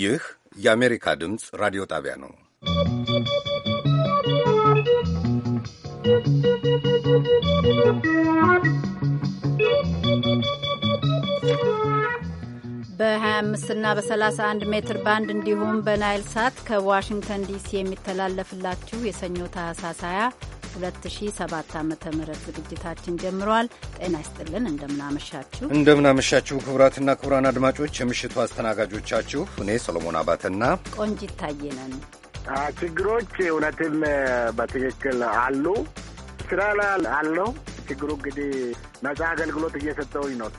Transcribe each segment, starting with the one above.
ይህ የአሜሪካ ድምፅ ራዲዮ ጣቢያ ነው። በ25 እና በ31 ሜትር ባንድ እንዲሁም በናይል ሳት ከዋሽንግተን ዲሲ የሚተላለፍላችሁ የሰኞ ታህሳስ 20 2007 ዓ ም ዝግጅታችን ጀምረዋል። ጤና ይስጥልን፣ እንደምናመሻችሁ እንደምናመሻችሁ ክቡራትና ክቡራን አድማጮች የምሽቱ አስተናጋጆቻችሁ እኔ ሰሎሞን አባተና ቆንጅ ይታየነን። ችግሮች እውነትም በትክክል አሉ። ስራ ላይ አለው ችግሩ እንግዲህ ነጻ አገልግሎት እየሰጠውኝ ነው።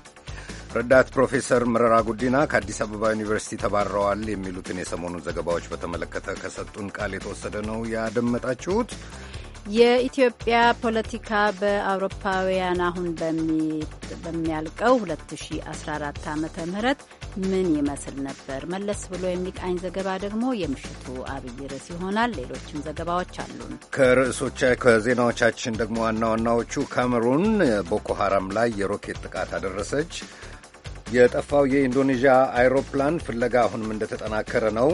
ረዳት ፕሮፌሰር መረራ ጉዲና ከአዲስ አበባ ዩኒቨርሲቲ ተባረዋል የሚሉትን የሰሞኑን ዘገባዎች በተመለከተ ከሰጡን ቃል የተወሰደ ነው ያደመጣችሁት። የኢትዮጵያ ፖለቲካ በአውሮፓውያን አሁን በሚያልቀው 2014 ዓ ም ምን ይመስል ነበር? መለስ ብሎ የሚቃኝ ዘገባ ደግሞ የምሽቱ አብይ ርዕስ ይሆናል። ሌሎችም ዘገባዎች አሉን። ከርዕሶች ከዜናዎቻችን ደግሞ ዋና ዋናዎቹ ካሜሩን ቦኮ ላይ የሮኬት ጥቃት አደረሰች፣ የጠፋው የኢንዶኔዥያ አይሮፕላን ፍለጋ አሁንም እንደተጠናከረ ነው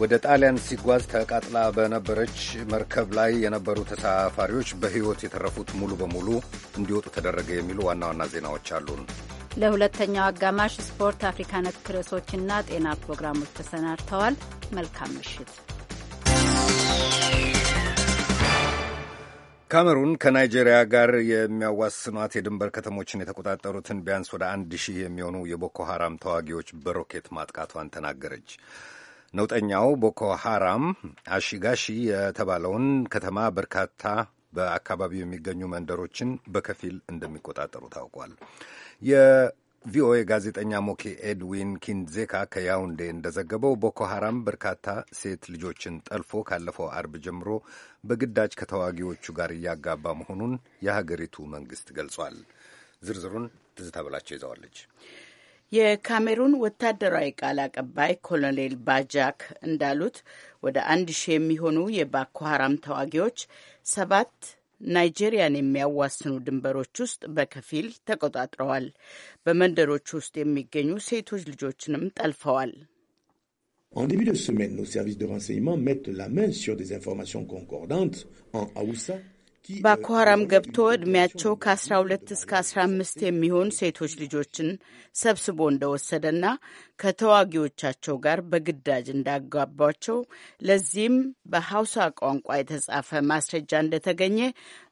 ወደ ጣሊያን ሲጓዝ ተቃጥላ በነበረች መርከብ ላይ የነበሩ ተሳፋሪዎች በሕይወት የተረፉት ሙሉ በሙሉ እንዲወጡ ተደረገ የሚሉ ዋና ዋና ዜናዎች አሉን። ለሁለተኛው አጋማሽ ስፖርት፣ አፍሪካ ነክ ርዕሶችና ጤና ፕሮግራሞች ተሰናድተዋል። መልካም ምሽት። ካሜሩን ከናይጄሪያ ጋር የሚያዋስኗት የድንበር ከተሞችን የተቆጣጠሩትን ቢያንስ ወደ አንድ ሺህ የሚሆኑ የቦኮ ሐራም ተዋጊዎች በሮኬት ማጥቃቷን ተናገረች። ነውጠኛው ቦኮ ሃራም አሺጋሺ የተባለውን ከተማ በርካታ በአካባቢው የሚገኙ መንደሮችን በከፊል እንደሚቆጣጠሩ ታውቋል። የቪኦኤ ጋዜጠኛ ሞኬ ኤድዊን ኪንዜካ ከያውንዴ እንደዘገበው ቦኮ ሃራም በርካታ ሴት ልጆችን ጠልፎ ካለፈው አርብ ጀምሮ በግዳጅ ከተዋጊዎቹ ጋር እያጋባ መሆኑን የሀገሪቱ መንግስት ገልጿል። ዝርዝሩን ትዝታ ብላቸው ይዘዋለች። የካሜሩን ወታደራዊ ቃል አቀባይ ኮሎኔል ባጃክ እንዳሉት ወደ አንድ ሺህ የሚሆኑ የባኮ ሀራም ተዋጊዎች ሰባት ናይጄሪያን የሚያዋስኑ ድንበሮች ውስጥ በከፊል ተቆጣጥረዋል። በመንደሮች ውስጥ የሚገኙ ሴቶች ልጆችንም ጠልፈዋል። ባኮ ሀራም ገብቶ ዕድሜያቸው ከ12 እስከ 15 የሚሆን ሴቶች ልጆችን ሰብስቦ እንደወሰደና ከተዋጊዎቻቸው ጋር በግዳጅ እንዳጋባቸው ለዚህም በሐውሳ ቋንቋ የተጻፈ ማስረጃ እንደተገኘ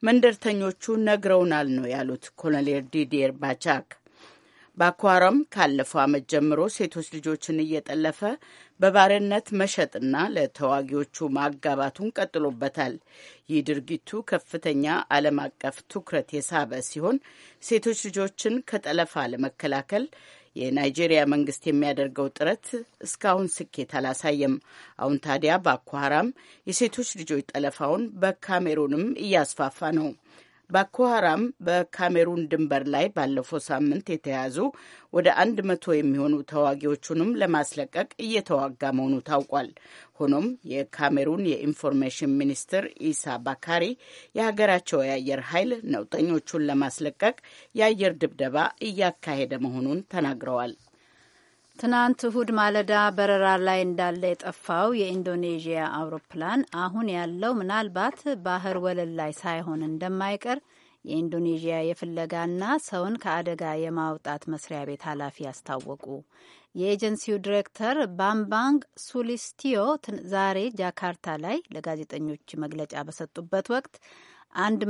መንደርተኞቹ ነግረውናል ነው ያሉት ኮሎኔል ዲዲየር ባቻክ። ባኮ ሀራም ካለፈው ዓመት ጀምሮ ሴቶች ልጆችን እየጠለፈ በባርነት መሸጥና ለተዋጊዎቹ ማጋባቱን ቀጥሎበታል። ይህ ድርጊቱ ከፍተኛ ዓለም አቀፍ ትኩረት የሳበ ሲሆን ሴቶች ልጆችን ከጠለፋ ለመከላከል የናይጄሪያ መንግስት የሚያደርገው ጥረት እስካሁን ስኬት አላሳየም። አሁን ታዲያ ቦኮ ሃራም የሴቶች ልጆች ጠለፋውን በካሜሩንም እያስፋፋ ነው። ባኮ ሀራም በካሜሩን ድንበር ላይ ባለፈው ሳምንት የተያዙ ወደ አንድ መቶ የሚሆኑ ተዋጊዎቹንም ለማስለቀቅ እየተዋጋ መሆኑ ታውቋል። ሆኖም የካሜሩን የኢንፎርሜሽን ሚኒስትር ኢሳ ባካሪ የሀገራቸው የአየር ኃይል ነውጠኞቹን ለማስለቀቅ የአየር ድብደባ እያካሄደ መሆኑን ተናግረዋል። ትናንት እሁድ ማለዳ በረራ ላይ እንዳለ የጠፋው የኢንዶኔዥያ አውሮፕላን አሁን ያለው ምናልባት ባህር ወለል ላይ ሳይሆን እንደማይቀር የኢንዶኔዥያ የፍለጋና ሰውን ከአደጋ የማውጣት መስሪያ ቤት ኃላፊ አስታወቁ። የኤጀንሲው ዲሬክተር ባምባንግ ሱሊስቲዮ ዛሬ ጃካርታ ላይ ለጋዜጠኞች መግለጫ በሰጡበት ወቅት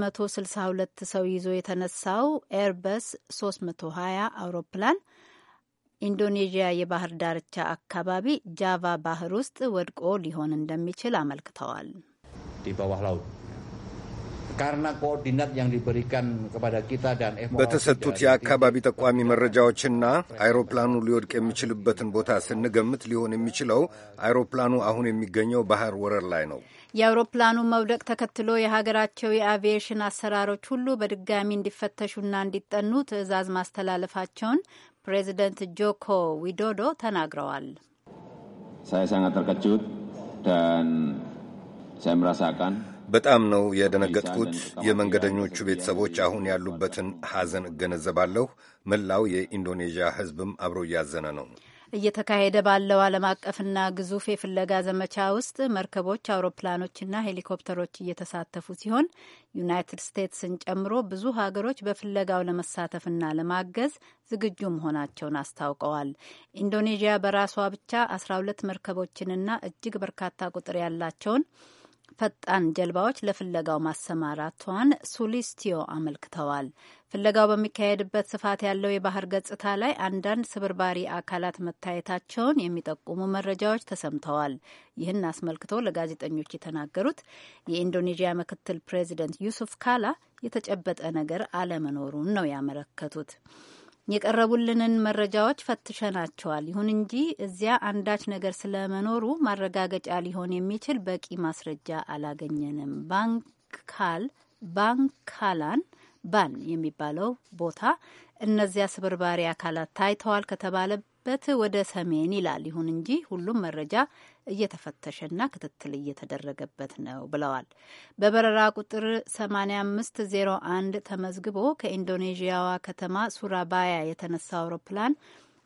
162 ሰው ይዞ የተነሳው ኤርበስ 320 አውሮፕላን ኢንዶኔዥያ የባህር ዳርቻ አካባቢ ጃቫ ባህር ውስጥ ወድቆ ሊሆን እንደሚችል አመልክተዋል። በተሰጡት የአካባቢ ጠቋሚ መረጃዎችና አይሮፕላኑ ሊወድቅ የሚችልበትን ቦታ ስንገምት ሊሆን የሚችለው አይሮፕላኑ አሁን የሚገኘው ባህር ወረር ላይ ነው። የአውሮፕላኑ መውደቅ ተከትሎ የሀገራቸው የአቪዬሽን አሰራሮች ሁሉ በድጋሚ እንዲፈተሹና እንዲጠኑ ትዕዛዝ ማስተላለፋቸውን ፕሬዚደንት ጆኮ ዊዶዶ ተናግረዋል። በጣም ነው የደነገጥኩት። የመንገደኞቹ ቤተሰቦች አሁን ያሉበትን ሐዘን እገነዘባለሁ። መላው የኢንዶኔዥያ ሕዝብም አብሮ እያዘነ ነው። እየተካሄደ ባለው ዓለም አቀፍና ግዙፍ የፍለጋ ዘመቻ ውስጥ መርከቦች፣ አውሮፕላኖችና ሄሊኮፕተሮች እየተሳተፉ ሲሆን ዩናይትድ ስቴትስን ጨምሮ ብዙ ሀገሮች በፍለጋው ለመሳተፍና ለማገዝ ዝግጁ መሆናቸውን አስታውቀዋል። ኢንዶኔዥያ በራሷ ብቻ 12 መርከቦችንና እጅግ በርካታ ቁጥር ያላቸውን ፈጣን ጀልባዎች ለፍለጋው ማሰማራቷን ሱሊስቲዮ አመልክተዋል። ፍለጋው በሚካሄድበት ስፋት ያለው የባህር ገጽታ ላይ አንዳንድ ስብርባሪ አካላት መታየታቸውን የሚጠቁሙ መረጃዎች ተሰምተዋል። ይህን አስመልክቶ ለጋዜጠኞች የተናገሩት የኢንዶኔዥያ ምክትል ፕሬዚደንት ዩሱፍ ካላ የተጨበጠ ነገር አለመኖሩን ነው ያመለከቱት። የቀረቡልንን መረጃዎች ፈትሸናቸዋል። ይሁን እንጂ እዚያ አንዳች ነገር ስለመኖሩ ማረጋገጫ ሊሆን የሚችል በቂ ማስረጃ አላገኘንም። ባንካል ባንካላን ባን የሚባለው ቦታ እነዚያ ስብርባሪ አካላት ታይተዋል ከተባለበት ወደ ሰሜን ይላል። ይሁን እንጂ ሁሉም መረጃ እየተፈተሸና ክትትል እየተደረገበት ነው ብለዋል። በበረራ ቁጥር 8501 ተመዝግቦ ከኢንዶኔዥያዋ ከተማ ሱራባያ የተነሳ አውሮፕላን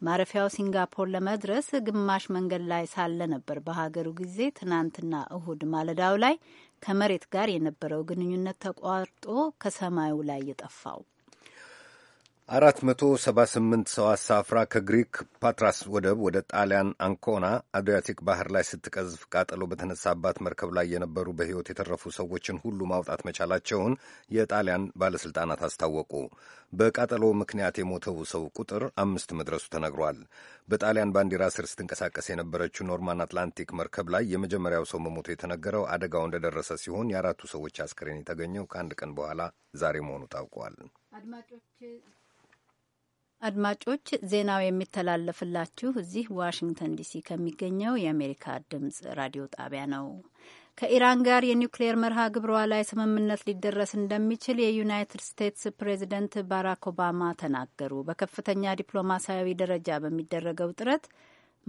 ማረፊያው ሲንጋፖር ለመድረስ ግማሽ መንገድ ላይ ሳለ ነበር በሀገሩ ጊዜ ትናንትና እሁድ ማለዳው ላይ ከመሬት ጋር የነበረው ግንኙነት ተቋርጦ ከሰማዩ ላይ የጠፋው። አራት መቶ ሰባ ስምንት ሰው አሳፍራ ከግሪክ ፓትራስ ወደብ ወደ ጣሊያን አንኮና አድሪያቲክ ባህር ላይ ስትቀዝፍ ቃጠሎ በተነሳባት መርከብ ላይ የነበሩ በሕይወት የተረፉ ሰዎችን ሁሉ ማውጣት መቻላቸውን የጣሊያን ባለሥልጣናት አስታወቁ። በቃጠሎ ምክንያት የሞተው ሰው ቁጥር አምስት መድረሱ ተነግሯል። በጣሊያን ባንዲራ ስር ስትንቀሳቀስ የነበረችው ኖርማን አትላንቲክ መርከብ ላይ የመጀመሪያው ሰው መሞቱ የተነገረው አደጋው እንደደረሰ ሲሆን የአራቱ ሰዎች አስክሬን የተገኘው ከአንድ ቀን በኋላ ዛሬ መሆኑ ታውቋል። አድማጮች ዜናው የሚተላለፍላችሁ እዚህ ዋሽንግተን ዲሲ ከሚገኘው የአሜሪካ ድምጽ ራዲዮ ጣቢያ ነው። ከኢራን ጋር የኒውክሌየር መርሃ ግብሯ ላይ ስምምነት ሊደረስ እንደሚችል የዩናይትድ ስቴትስ ፕሬዚደንት ባራክ ኦባማ ተናገሩ። በከፍተኛ ዲፕሎማሲያዊ ደረጃ በሚደረገው ጥረት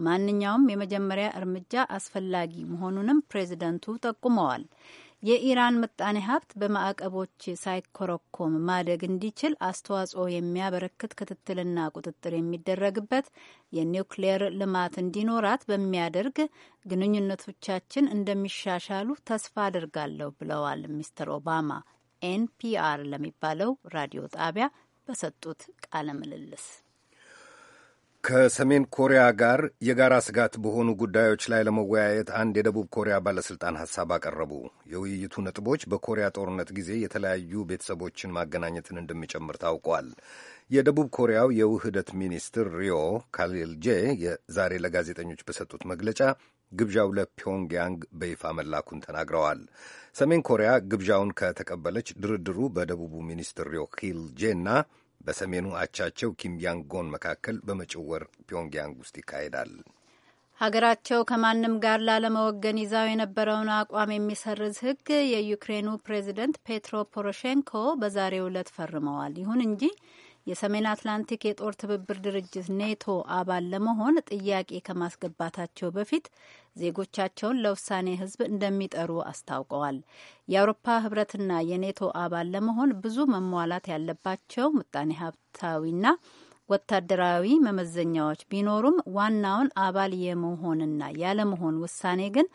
ማንኛውም የመጀመሪያ እርምጃ አስፈላጊ መሆኑንም ፕሬዚደንቱ ጠቁመዋል። የኢራን ምጣኔ ሀብት በማዕቀቦች ሳይኮረኮም ማደግ እንዲችል አስተዋጽኦ የሚያበረክት ክትትልና ቁጥጥር የሚደረግበት የኒውክሌር ልማት እንዲኖራት በሚያደርግ ግንኙነቶቻችን እንደሚሻሻሉ ተስፋ አድርጋለሁ ብለዋል ሚስተር ኦባማ ኤንፒአር ለሚባለው ራዲዮ ጣቢያ በሰጡት ቃለ ምልልስ። ከሰሜን ኮሪያ ጋር የጋራ ስጋት በሆኑ ጉዳዮች ላይ ለመወያየት አንድ የደቡብ ኮሪያ ባለሥልጣን ሐሳብ አቀረቡ። የውይይቱ ነጥቦች በኮሪያ ጦርነት ጊዜ የተለያዩ ቤተሰቦችን ማገናኘትን እንደሚጨምር ታውቋል። የደቡብ ኮሪያው የውህደት ሚኒስትር ሪዮ ካሌልጄ ዛሬ ለጋዜጠኞች በሰጡት መግለጫ ግብዣው ለፒዮንግያንግ በይፋ መላኩን ተናግረዋል። ሰሜን ኮሪያ ግብዣውን ከተቀበለች ድርድሩ በደቡቡ ሚኒስትር ሪዮ ኪል ጄና በሰሜኑ አቻቸው ኪም መካከል በመጪው ወር ፒዮንግያንግ ውስጥ ይካሄዳል። ሀገራቸው ከማንም ጋር ላለመወገን ይዛው የነበረውን አቋም የሚሰርዝ ሕግ የዩክሬኑ ፕሬዚደንት ፔትሮ ፖሮሼንኮ በዛሬው ዕለት ፈርመዋል። ይሁን እንጂ የሰሜን አትላንቲክ የጦር ትብብር ድርጅት ኔቶ አባል ለመሆን ጥያቄ ከማስገባታቸው በፊት ዜጎቻቸውን ለውሳኔ ሕዝብ እንደሚጠሩ አስታውቀዋል። የአውሮፓ ሕብረትና የኔቶ አባል ለመሆን ብዙ መሟላት ያለባቸው ምጣኔ ሀብታዊና ወታደራዊ መመዘኛዎች ቢኖሩም ዋናውን አባል የመሆንና ያለመሆን ውሳኔ ግን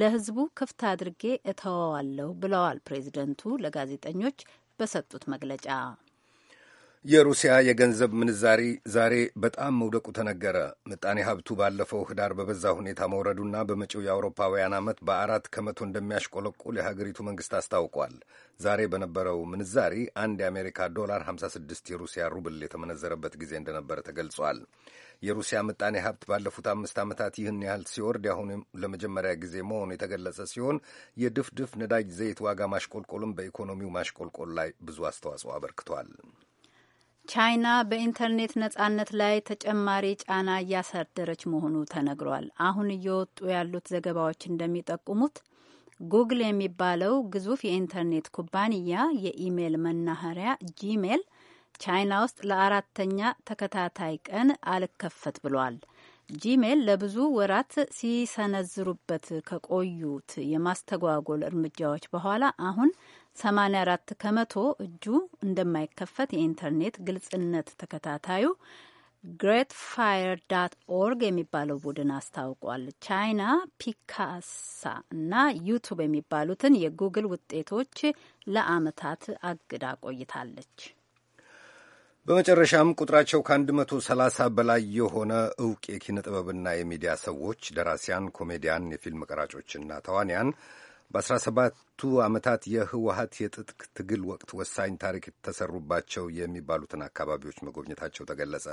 ለሕዝቡ ክፍት አድርጌ እተወዋለሁ ብለዋል ፕሬዚደንቱ ለጋዜጠኞች በሰጡት መግለጫ። የሩሲያ የገንዘብ ምንዛሪ ዛሬ በጣም መውደቁ ተነገረ። ምጣኔ ሀብቱ ባለፈው ህዳር በበዛ ሁኔታ መውረዱና በመጪው የአውሮፓውያን ዓመት በአራት ከመቶ እንደሚያሽቆለቁል የሀገሪቱ መንግሥት አስታውቋል። ዛሬ በነበረው ምንዛሪ አንድ የአሜሪካ ዶላር 56 የሩሲያ ሩብል የተመነዘረበት ጊዜ እንደነበረ ተገልጿል። የሩሲያ ምጣኔ ሀብት ባለፉት አምስት ዓመታት ይህን ያህል ሲወርድ አሁን ለመጀመሪያ ጊዜ መሆኑ የተገለጸ ሲሆን የድፍድፍ ነዳጅ ዘይት ዋጋ ማሽቆልቆልም በኢኮኖሚው ማሽቆልቆል ላይ ብዙ አስተዋጽኦ አበርክቷል። ቻይና በኢንተርኔት ነጻነት ላይ ተጨማሪ ጫና እያሳደረች መሆኑ ተነግሯል። አሁን እየወጡ ያሉት ዘገባዎች እንደሚጠቁሙት ጉግል የሚባለው ግዙፍ የኢንተርኔት ኩባንያ የኢሜል መናኸሪያ ጂሜል ቻይና ውስጥ ለአራተኛ ተከታታይ ቀን አልከፈት ብሏል። ጂሜል ለብዙ ወራት ሲሰነዝሩበት ከቆዩት የማስተጓጎል እርምጃዎች በኋላ አሁን 84 ከመቶ እጁ እንደማይከፈት የኢንተርኔት ግልጽነት ተከታታዩ ግሬት ፋየር ዳት ኦርግ የሚባለው ቡድን አስታውቋል። ቻይና ፒካሳ እና ዩቱብ የሚባሉትን የጉግል ውጤቶች ለአመታት አግዳ ቆይታለች። በመጨረሻም ቁጥራቸው ከ130 በላይ የሆነ እውቅ የኪነ ጥበብና የሚዲያ ሰዎች ደራሲያን፣ ኮሜዲያን፣ የፊልም ቀራጮችና ተዋንያን በ17ቱ ዓመታት የህወሀት የትጥቅ ትግል ወቅት ወሳኝ ታሪክ የተሰሩባቸው የሚባሉትን አካባቢዎች መጎብኘታቸው ተገለጸ።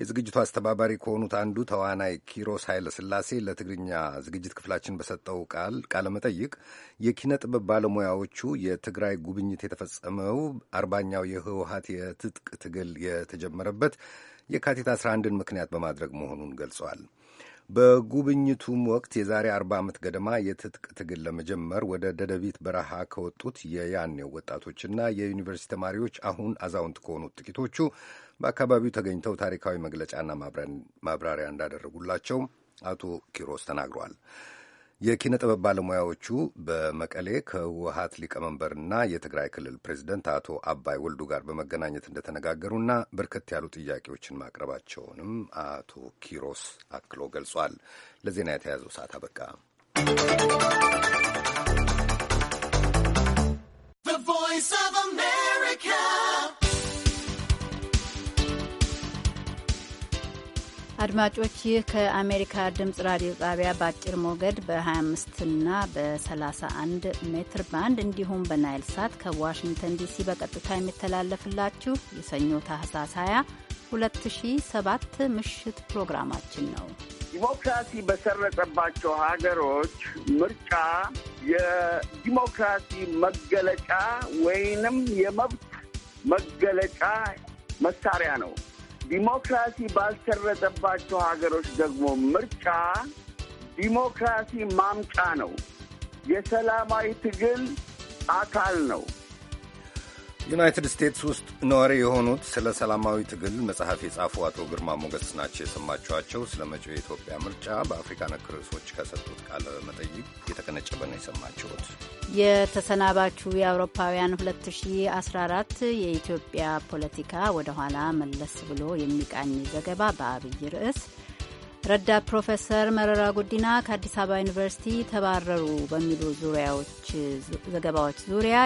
የዝግጅቱ አስተባባሪ ከሆኑት አንዱ ተዋናይ ኪሮስ ስላሴ ለትግርኛ ዝግጅት ክፍላችን በሰጠው ቃል ቃለ መጠይቅ የኪነ ጥበብ ባለሙያዎቹ የትግራይ ጉብኝት የተፈጸመው አርባኛው የህወሀት የትጥቅ ትግል የተጀመረበት የካቲት 11ን ምክንያት በማድረግ መሆኑን ገልጸዋል። በጉብኝቱም ወቅት የዛሬ አርባ ዓመት ገደማ የትጥቅ ትግል ለመጀመር ወደ ደደቢት በረሃ ከወጡት የያኔው ወጣቶችና የዩኒቨርሲቲ ተማሪዎች አሁን አዛውንት ከሆኑት ጥቂቶቹ በአካባቢው ተገኝተው ታሪካዊ መግለጫና ማብራሪያ እንዳደረጉላቸው አቶ ኪሮስ ተናግሯል። የኪነ ጥበብ ባለሙያዎቹ በመቀሌ ከህወሀት ሊቀመንበርና የትግራይ ክልል ፕሬዚደንት አቶ አባይ ወልዱ ጋር በመገናኘት እንደተነጋገሩና በርከት ያሉ ጥያቄዎችን ማቅረባቸውንም አቶ ኪሮስ አክሎ ገልጿል። ለዜና የተያዘው ሰዓት አበቃ። አድማጮች ይህ ከአሜሪካ ድምጽ ራዲዮ ጣቢያ በአጭር ሞገድ በ25 እና በ31 ሜትር ባንድ እንዲሁም በናይል ሳት ከዋሽንግተን ዲሲ በቀጥታ የሚተላለፍላችሁ የሰኞ ታህሳስ 20 2007 ምሽት ፕሮግራማችን ነው። ዲሞክራሲ በሰረጸባቸው ሀገሮች ምርጫ የዲሞክራሲ መገለጫ ወይንም የመብት መገለጫ መሳሪያ ነው። ዲሞክራሲ ባልተረጠባቸው ሀገሮች ደግሞ ምርጫ ዲሞክራሲ ማምጫ ነው፣ የሰላማዊ ትግል አካል ነው። ዩናይትድ ስቴትስ ውስጥ ነዋሪ የሆኑት ስለ ሰላማዊ ትግል መጽሐፍ የጻፉ አቶ ግርማ ሞገስ ናቸው የሰማችኋቸው። ስለ መጪው የኢትዮጵያ ምርጫ በአፍሪካ ነክ ርዕሶች ከሰጡት ቃለ መጠይቅ የተቀነጨበ ነው የሰማችሁት። የተሰናባቹ የአውሮፓውያን 2014 የኢትዮጵያ ፖለቲካ ወደ ኋላ መለስ ብሎ የሚቃኝ ዘገባ በአብይ ርዕስ ረዳት ፕሮፌሰር መረራ ጉዲና ከአዲስ አበባ ዩኒቨርሲቲ ተባረሩ በሚሉ ዙሪያዎች ዘገባዎች ዙሪያ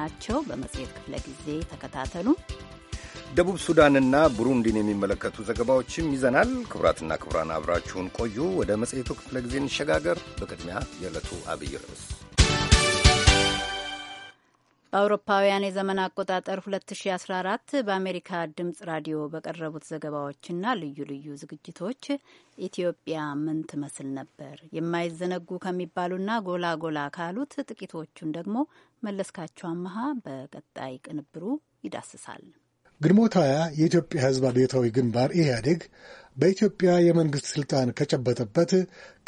ናቸው። በመጽሔት ክፍለ ጊዜ ተከታተሉ። ደቡብ ሱዳንና ቡሩንዲን የሚመለከቱ ዘገባዎችም ይዘናል። ክቡራትና ክቡራን አብራችሁን ቆዩ። ወደ መጽሔቱ ክፍለ ጊዜ እንሸጋገር። በቅድሚያ የዕለቱ አብይ ርዕስ በአውሮፓውያን የዘመን አቆጣጠር 2014 በአሜሪካ ድምጽ ራዲዮ በቀረቡት ዘገባዎችና ልዩ ልዩ ዝግጅቶች ኢትዮጵያ ምን ትመስል ነበር? የማይዘነጉ ከሚባሉና ጎላ ጎላ ካሉት ጥቂቶቹን ደግሞ መለስካቸው አመሃ በቀጣይ ቅንብሩ ይዳስሳል። ግንቦት 20 የኢትዮጵያ ህዝብ አብዮታዊ ግንባር ኢህአዴግ በኢትዮጵያ የመንግሥት ሥልጣን ከጨበጠበት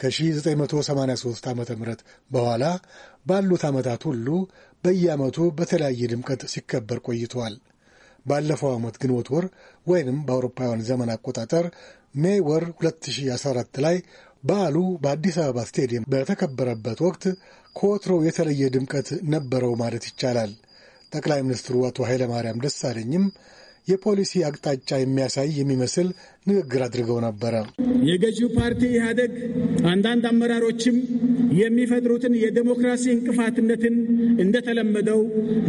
ከ1983 ዓ ም በኋላ ባሉት ዓመታት ሁሉ በየዓመቱ በተለያየ ድምቀት ሲከበር ቆይተዋል። ባለፈው ዓመት ግንቦት ወር ወይንም በአውሮፓውያን ዘመን አቆጣጠር ሜይ ወር 2014 ላይ በዓሉ በአዲስ አበባ ስቴዲየም በተከበረበት ወቅት ከወትሮው የተለየ ድምቀት ነበረው ማለት ይቻላል። ጠቅላይ ሚኒስትሩ አቶ ኃይለማርያም ደሳለኝም የፖሊሲ አቅጣጫ የሚያሳይ የሚመስል ንግግር አድርገው ነበረ። የገዢው ፓርቲ ኢህአደግ አንዳንድ አመራሮችም የሚፈጥሩትን የዴሞክራሲ እንቅፋትነትን እንደተለመደው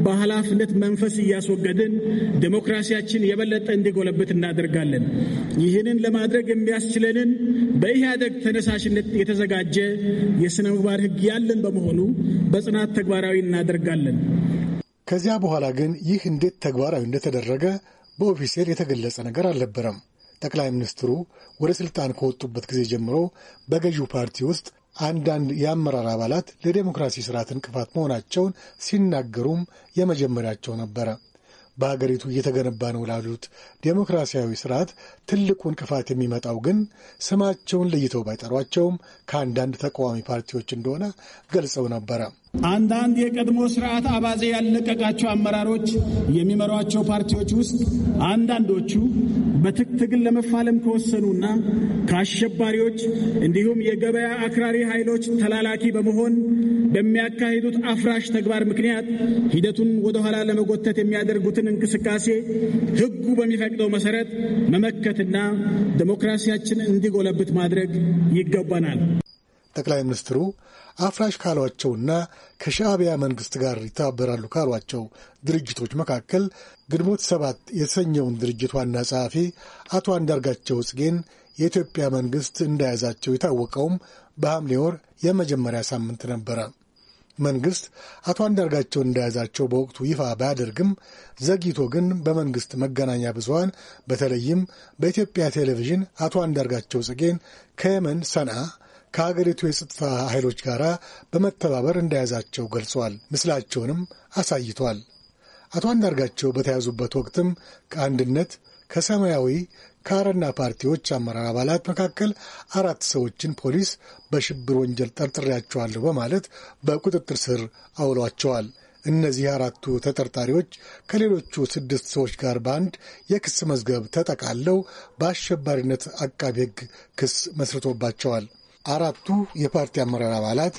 በኃላፊነት መንፈስ እያስወገድን ዴሞክራሲያችን የበለጠ እንዲጎለብት እናደርጋለን። ይህንን ለማድረግ የሚያስችለንን በኢህአደግ ተነሳሽነት የተዘጋጀ የሥነ ምግባር ሕግ ያለን በመሆኑ በጽናት ተግባራዊ እናደርጋለን። ከዚያ በኋላ ግን ይህ እንዴት ተግባራዊ እንደተደረገ በኦፊሴል የተገለጸ ነገር አልነበረም። ጠቅላይ ሚኒስትሩ ወደ ስልጣን ከወጡበት ጊዜ ጀምሮ በገዢው ፓርቲ ውስጥ አንዳንድ የአመራር አባላት ለዴሞክራሲ ስርዓት እንቅፋት መሆናቸውን ሲናገሩም የመጀመሪያቸው ነበረ። በሀገሪቱ እየተገነባ ነው ላሉት ዴሞክራሲያዊ ስርዓት ትልቁ እንቅፋት የሚመጣው ግን ስማቸውን ለይተው ባይጠሯቸውም ከአንዳንድ ተቃዋሚ ፓርቲዎች እንደሆነ ገልጸው ነበረ። አንዳንድ የቀድሞ ስርዓት አባዜ ያለቀቃቸው አመራሮች የሚመሯቸው ፓርቲዎች ውስጥ አንዳንዶቹ በትግል ለመፋለም ከወሰኑና ከአሸባሪዎች እንዲሁም የገበያ አክራሪ ኃይሎች ተላላኪ በመሆን በሚያካሂዱት አፍራሽ ተግባር ምክንያት ሂደቱን ወደኋላ ለመጎተት የሚያደርጉትን እንቅስቃሴ ሕጉ በሚፈቅደው መሰረት መመከት መመልከትና ዴሞክራሲያችን እንዲጎለብት ማድረግ ይገባናል። ጠቅላይ ሚኒስትሩ አፍራሽ ካሏቸውና ከሻዕቢያ መንግስት ጋር ይተባበራሉ ካሏቸው ድርጅቶች መካከል ግንቦት ሰባት የተሰኘውን ድርጅት ዋና ጸሐፊ አቶ አንዳርጋቸው ጽጌን የኢትዮጵያ መንግስት እንደያዛቸው የታወቀውም በሐምሌ ወር የመጀመሪያ ሳምንት ነበረ። መንግስት አቶ አንዳርጋቸው እንደያዛቸው በወቅቱ ይፋ ባያደርግም ዘግይቶ ግን በመንግስት መገናኛ ብዙሀን በተለይም በኢትዮጵያ ቴሌቪዥን አቶ አንዳርጋቸው ጽጌን ከየመን ሰንዓ ከሀገሪቱ የጸጥታ ኃይሎች ጋር በመተባበር እንደያዛቸው ገልጿል። ምስላቸውንም አሳይቷል። አቶ አንዳርጋቸው በተያዙበት ወቅትም ከአንድነት ከሰማያዊ ከአረና ፓርቲዎች አመራር አባላት መካከል አራት ሰዎችን ፖሊስ በሽብር ወንጀል ጠርጥሬያቸዋለሁ በማለት በቁጥጥር ስር አውሏቸዋል። እነዚህ አራቱ ተጠርጣሪዎች ከሌሎቹ ስድስት ሰዎች ጋር በአንድ የክስ መዝገብ ተጠቃለው በአሸባሪነት አቃቢ ሕግ ክስ መስርቶባቸዋል። አራቱ የፓርቲ አመራር አባላት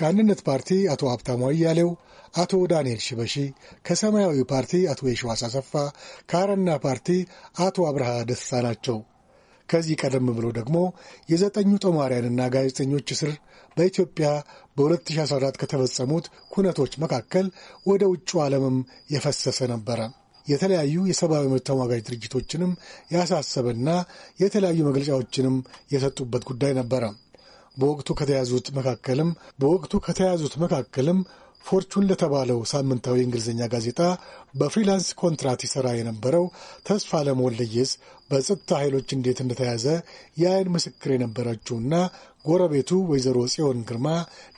ከአንድነት ፓርቲ አቶ ሀብታሙ አያሌው አቶ ዳንኤል ሽበሺ፣ ከሰማያዊ ፓርቲ አቶ የሸዋስ አሰፋ፣ ከአረና ፓርቲ አቶ አብርሃ ደስታ ናቸው። ከዚህ ቀደም ብሎ ደግሞ የዘጠኙ ጦማርያንና ጋዜጠኞች እስር በኢትዮጵያ በ2014 ከተፈጸሙት ኩነቶች መካከል ወደ ውጩ ዓለምም የፈሰሰ ነበረ። የተለያዩ የሰብአዊ መብት ተሟጋጅ ድርጅቶችንም ያሳሰበና የተለያዩ መግለጫዎችንም የሰጡበት ጉዳይ ነበረ። በወቅቱ ከተያዙት መካከልም በወቅቱ ከተያዙት መካከልም ፎርቹን ለተባለው ሳምንታዊ የእንግሊዝኛ ጋዜጣ በፍሪላንስ ኮንትራት ይሠራ የነበረው ተስፋ ለመወለየስ በጸጥታ ኃይሎች እንዴት እንደተያዘ የአይን ምስክር የነበረችውና ጎረቤቱ ወይዘሮ ጽዮን ግርማ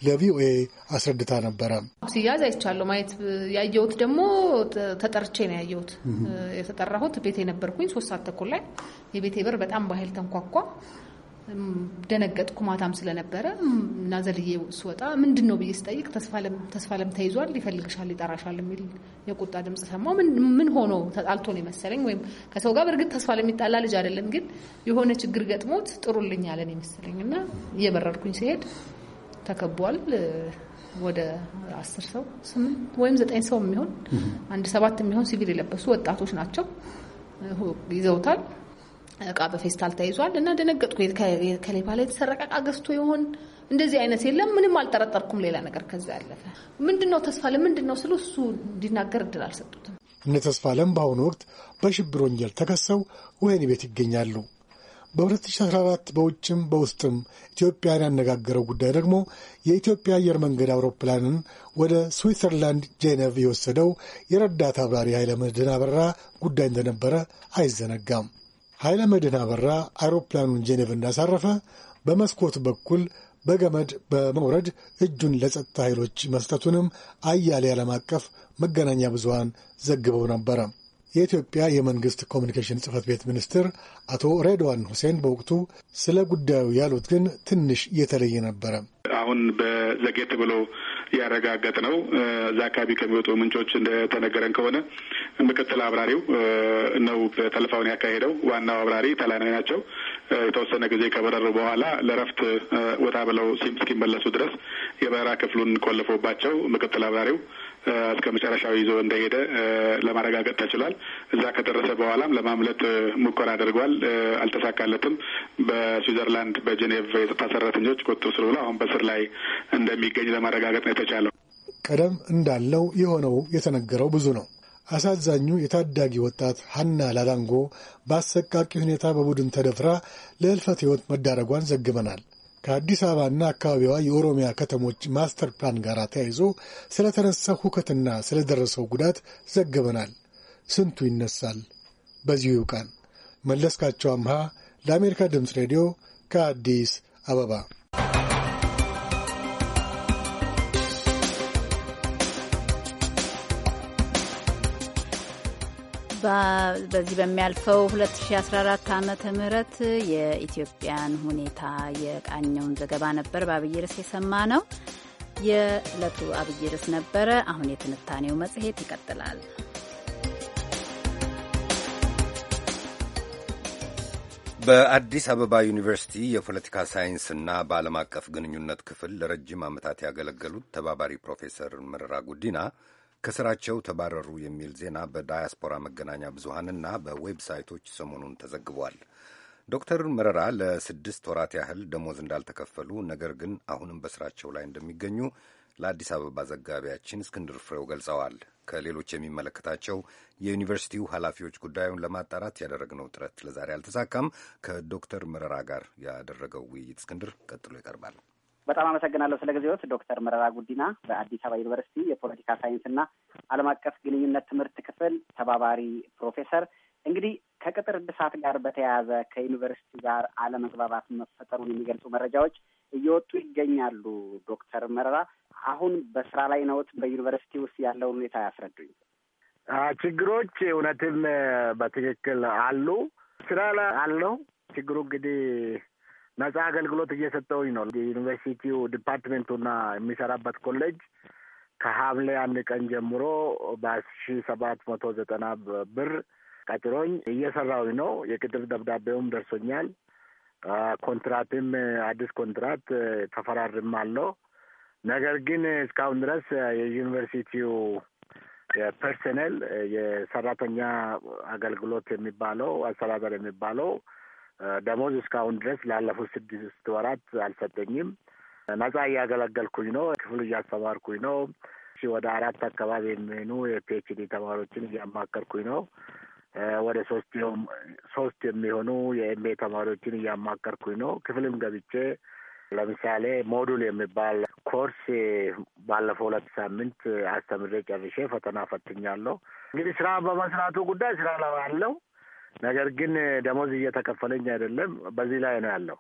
ለቪኦኤ አስረድታ ነበረ። ሲያዝ አይቻለሁ። ማየት ያየሁት ደግሞ ተጠርቼ ነው ያየሁት። የተጠራሁት ቤቴ ነበርኩኝ። ሶስት ሰዓት ተኩል ላይ የቤቴ በር በጣም በኃይል ተንኳኳ። ደነገጥኩ። ማታም ስለነበረ እና ዘልዬ ስወጣ ምንድን ነው ብዬ ስጠይቅ ተስፋለም ተይዟል፣ ይፈልግሻል፣ ይጠራሻል የሚል የቁጣ ድምፅ ሰማሁ። ምን ሆኖ ተጣልቶ ነው የመሰለኝ ወይም ከሰው ጋር በእርግጥ ተስፋለም ለሚጣላ ልጅ አይደለም፣ ግን የሆነ ችግር ገጥሞት ጥሩልኝ ያለን የመሰለኝ እና እየበረርኩኝ ሲሄድ ተከቧል። ወደ አስር ሰው ስምንት ወይም ዘጠኝ ሰው የሚሆን አንድ ሰባት የሚሆን ሲቪል የለበሱ ወጣቶች ናቸው ይዘውታል። እቃ በፌስታል ተይዟል እና ደነገጥኩ። ከሌባ ላይ የተሰረቀ እቃ ገዝቶ ይሆን? እንደዚህ አይነት የለም። ምንም አልጠረጠርኩም። ሌላ ነገር ከዛ ያለፈ ምንድነው ተስፋ ለምንድነው ስሉ እሱ እንዲናገር እድል አልሰጡትም። እነ ተስፋ ለም በአሁኑ ወቅት በሽብር ወንጀል ተከሰው ወህኒ ቤት ይገኛሉ። በ2014 በውጭም በውስጥም ኢትዮጵያን ያነጋገረው ጉዳይ ደግሞ የኢትዮጵያ አየር መንገድ አውሮፕላንን ወደ ስዊትዘርላንድ ጄኔቭ የወሰደው የረዳት አብራሪ ኃይለ መድህን አበራ ጉዳይ እንደነበረ አይዘነጋም። ኃይለ መድህን አበራ አውሮፕላኑን ጄኔቭ እንዳሳረፈ በመስኮት በኩል በገመድ በመውረድ እጁን ለጸጥታ ኃይሎች መስጠቱንም አያሌ ዓለም አቀፍ መገናኛ ብዙሃን ዘግበው ነበረ። የኢትዮጵያ የመንግሥት ኮሚኒኬሽን ጽህፈት ቤት ሚኒስትር አቶ ሬድዋን ሁሴን በወቅቱ ስለ ጉዳዩ ያሉት ግን ትንሽ የተለየ ነበረ። አሁን በዘጌት ብሎ ያረጋገጥ ነው። እዛ አካባቢ ከሚወጡ ምንጮች እንደተነገረን ከሆነ ምክትል አብራሪው ነው ጠለፋውን ያካሄደው። ዋናው አብራሪ ታላናዊ ናቸው። የተወሰነ ጊዜ ከበረሩ በኋላ ለረፍት ወጣ ብለው ሲም እስኪመለሱ ድረስ የበረራ ክፍሉን ቆልፎባቸው ምክትል አብራሪው እስከ መጨረሻው ይዞ እንደሄደ ለማረጋገጥ ተችሏል። እዛ ከደረሰ በኋላም ለማምለጥ ሙከራ አድርጓል፣ አልተሳካለትም። በስዊዘርላንድ በጄኔቭ የጸጥታ ሰራተኞች ቁጥጥር ስር ብሎ አሁን በስር ላይ እንደሚገኝ ለማረጋገጥ ነው የተቻለው። ቀደም እንዳለው የሆነው የተነገረው ብዙ ነው። አሳዛኙ የታዳጊ ወጣት ሀና ላላንጎ በአሰቃቂ ሁኔታ በቡድን ተደፍራ ለህልፈት ህይወት መዳረጓን ዘግበናል። ከአዲስ አበባና አካባቢዋ የኦሮሚያ ከተሞች ማስተር ፕላን ጋር ተያይዞ ስለተነሳ ሁከትና ስለደረሰው ጉዳት ዘግበናል። ስንቱ ይነሳል። በዚሁ ይውቃል። መለስካቸው አምሃ ለአሜሪካ ድምፅ ሬዲዮ ከአዲስ አበባ በዚህ በሚያልፈው 2014 ዓ ምህረት የኢትዮጵያን ሁኔታ የቃኘውን ዘገባ ነበር በአብይ ርዕስ የሰማ ነው። የዕለቱ አብይ ርዕስ ነበረ። አሁን የትንታኔው መጽሔት ይቀጥላል። በአዲስ አበባ ዩኒቨርሲቲ የፖለቲካ ሳይንስና በዓለም አቀፍ ግንኙነት ክፍል ለረጅም ዓመታት ያገለገሉት ተባባሪ ፕሮፌሰር መረራ ጉዲና ከስራቸው ተባረሩ የሚል ዜና በዳያስፖራ መገናኛ ብዙሃንና በዌብሳይቶች ሰሞኑን ተዘግቧል። ዶክተር መረራ ለስድስት ወራት ያህል ደሞዝ እንዳልተከፈሉ ነገር ግን አሁንም በስራቸው ላይ እንደሚገኙ ለአዲስ አበባ ዘጋቢያችን እስክንድር ፍሬው ገልጸዋል። ከሌሎች የሚመለከታቸው የዩኒቨርሲቲው ኃላፊዎች ጉዳዩን ለማጣራት ያደረግነው ጥረት ለዛሬ አልተሳካም። ከዶክተር መረራ ጋር ያደረገው ውይይት እስክንድር ቀጥሎ ይቀርባል። በጣም አመሰግናለሁ ስለ ጊዜዎት ዶክተር መረራ ጉዲና በአዲስ አበባ ዩኒቨርሲቲ የፖለቲካ ሳይንስና ዓለም አቀፍ ግንኙነት ትምህርት ክፍል ተባባሪ ፕሮፌሰር። እንግዲህ ከቅጥር እድሳት ጋር በተያያዘ ከዩኒቨርሲቲ ጋር አለመግባባት መፈጠሩን የሚገልጹ መረጃዎች እየወጡ ይገኛሉ። ዶክተር መረራ አሁን በስራ ላይ ነዎት። በዩኒቨርሲቲ ውስጥ ያለውን ሁኔታ ያስረዱኝ። ችግሮች እውነትም በትክክል አሉ። ስራ ላይ አለው ችግሩ እንግዲህ ነጻ አገልግሎት እየሰጠውኝ ነው። ዩኒቨርሲቲው ዲፓርትሜንቱና የሚሰራበት ኮሌጅ ከሐምሌ አንድ ቀን ጀምሮ በሺ ሰባት መቶ ዘጠና ብር ቀጥሮኝ እየሰራሁኝ ነው። የቅጥር ደብዳቤውም ደርሶኛል። ኮንትራትም አዲስ ኮንትራት ተፈራርም አለው። ነገር ግን እስካሁን ድረስ የዩኒቨርሲቲው ፐርሰኔል የሰራተኛ አገልግሎት የሚባለው አስተዳደር የሚባለው ደሞዝ እስካሁን ድረስ ላለፉት ስድስት ወራት አልሰጠኝም። ነጻ እያገለገልኩኝ ነው። ክፍል እያስተማርኩኝ ነው። ወደ አራት አካባቢ የሚሆኑ የፒኤችዲ ተማሪዎችን እያማከርኩኝ ነው። ወደ ሶስት የሚሆኑ የኤምኤ ተማሪዎችን እያማከርኩኝ ነው። ክፍልም ገብቼ ለምሳሌ ሞዱል የሚባል ኮርስ ባለፈው ሁለት ሳምንት አስተምሬ ጨርሼ ፈተና ፈትኛለሁ። እንግዲህ ስራ በመስራቱ ጉዳይ ስራ ላይ ያለው ነገር ግን ደሞዝ እየተከፈለኝ አይደለም። በዚህ ላይ ነው ያለው።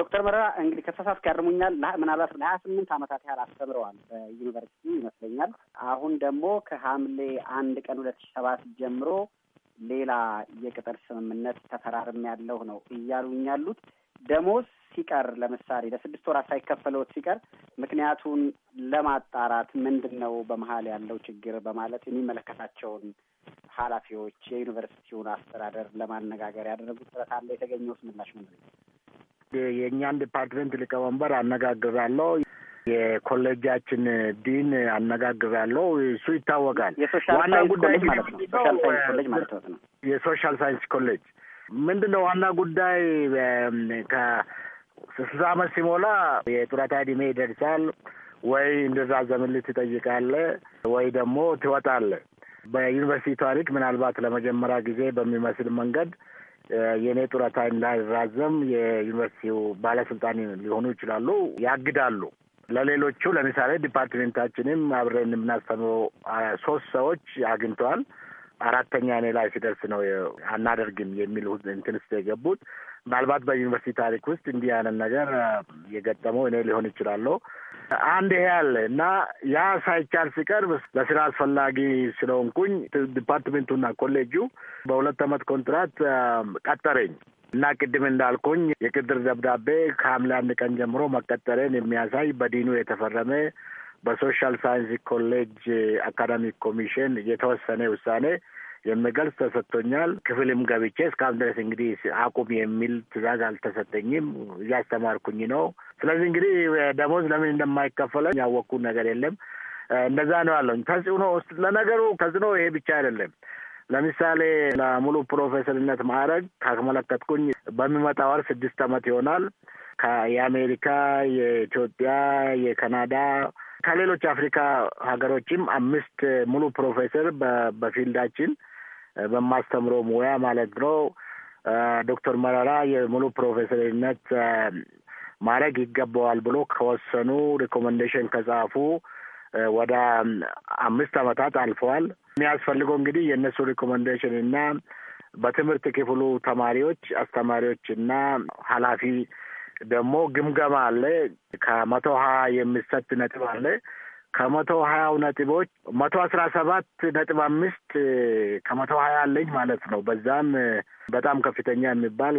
ዶክተር መረራ እንግዲህ ከተሳሳትኩ ያርሙኛል። ምናልባት ለሀያ ስምንት ዓመታት ያህል አስተምረዋል በዩኒቨርሲቲ ይመስለኛል። አሁን ደግሞ ከሐምሌ አንድ ቀን ሁለት ሰባት ጀምሮ ሌላ የቅጥር ስምምነት ተፈራርም ያለው ነው እያሉኝ ያሉት ደሞዝ ሲቀር ለምሳሌ ለስድስት ወራት ሳይከፈለዎት ሲቀር ምክንያቱን ለማጣራት ምንድን ነው በመሀል ያለው ችግር በማለት የሚመለከታቸውን ኃላፊዎች የዩኒቨርሲቲውን አስተዳደር ለማነጋገር ያደረጉት ጥረት አለ። የተገኘውስ ምላሽ ምንድን ነው? የእኛን ዲፓርትመንት ሊቀመንበር አነጋግራለሁ። የኮሌጃችን ዲን አነጋግራለሁ። እሱ ይታወቃል። ዋና ጉዳይ የሶሻል ሳይንስ ኮሌጅ ምንድን ነው? ዋና ጉዳይ ከስልሳ አመት ሲሞላ የጡረታ ዕድሜ ይደርሳል ወይ እንደዛ ዘመን ልትጠይቃለህ ወይ ደግሞ ትወጣለህ በዩኒቨርሲቲ ታሪክ ምናልባት ለመጀመሪያ ጊዜ በሚመስል መንገድ የእኔ ጡረታ እንዳይራዘም የዩኒቨርሲቲው ባለስልጣን ሊሆኑ ይችላሉ፣ ያግዳሉ። ለሌሎቹ ለምሳሌ ዲፓርትሜንታችንም አብረን የምናስተምረው ሶስት ሰዎች አግኝተዋል። አራተኛ እኔ ላይ ሲደርስ ነው አናደርግም የሚል እንትን ውስጥ የገቡት። ምናልባት በዩኒቨርሲቲ ታሪክ ውስጥ እንዲህ ያንን ነገር የገጠመው እኔ ሊሆን ይችላለሁ። አንድ ይሄ ያለ እና ያ ሳይቻል ሲቀርብ ለስራ አስፈላጊ ስለሆንኩኝ ዲፓርትሜንቱና ኮሌጁ በሁለት ዓመት ኮንትራት ቀጠረኝ እና ቅድም እንዳልኩኝ የቅጥር ደብዳቤ ከሐምሌ አንድ ቀን ጀምሮ መቀጠሬን የሚያሳይ በዲኑ የተፈረመ በሶሻል ሳይንስ ኮሌጅ አካዳሚክ ኮሚሽን የተወሰነ ውሳኔ የሚገልጽ ተሰጥቶኛል። ክፍልም ገብቼ እስካሁን ድረስ እንግዲህ አቁም የሚል ትዕዛዝ አልተሰጠኝም። እያስተማርኩኝ ነው። ስለዚህ እንግዲህ ደሞዝ ለምን እንደማይከፈለ ያወቅኩ ነገር የለም። እንደዛ ነው ያለኝ ተጽዕኖ ውስጥ ለነገሩ ተጽዕኖ ይሄ ብቻ አይደለም። ለምሳሌ ለሙሉ ፕሮፌሰርነት ማዕረግ ካመለከትኩኝ በሚመጣ ወር ስድስት ዓመት ይሆናል። የአሜሪካ፣ የኢትዮጵያ፣ የካናዳ ከሌሎች አፍሪካ ሀገሮችም አምስት ሙሉ ፕሮፌሰር በፊልዳችን በማስተምረው ሙያ ማለት ነው። ዶክተር መረራ የሙሉ ፕሮፌሰርነት ማድረግ ይገባዋል ብሎ ከወሰኑ ሪኮመንዴሽን ከጻፉ ወደ አምስት ዓመታት አልፈዋል። የሚያስፈልገው እንግዲህ የእነሱ ሪኮመንዴሽን እና በትምህርት ክፍሉ ተማሪዎች፣ አስተማሪዎች እና ኃላፊ ደግሞ ግምገማ አለ። ከመቶ ሀያ የሚሰጥ ነጥብ አለ። ከመቶ ሀያው ነጥቦች መቶ አስራ ሰባት ነጥብ አምስት ከመቶ ሀያ አለኝ ማለት ነው። በዛም በጣም ከፍተኛ የሚባል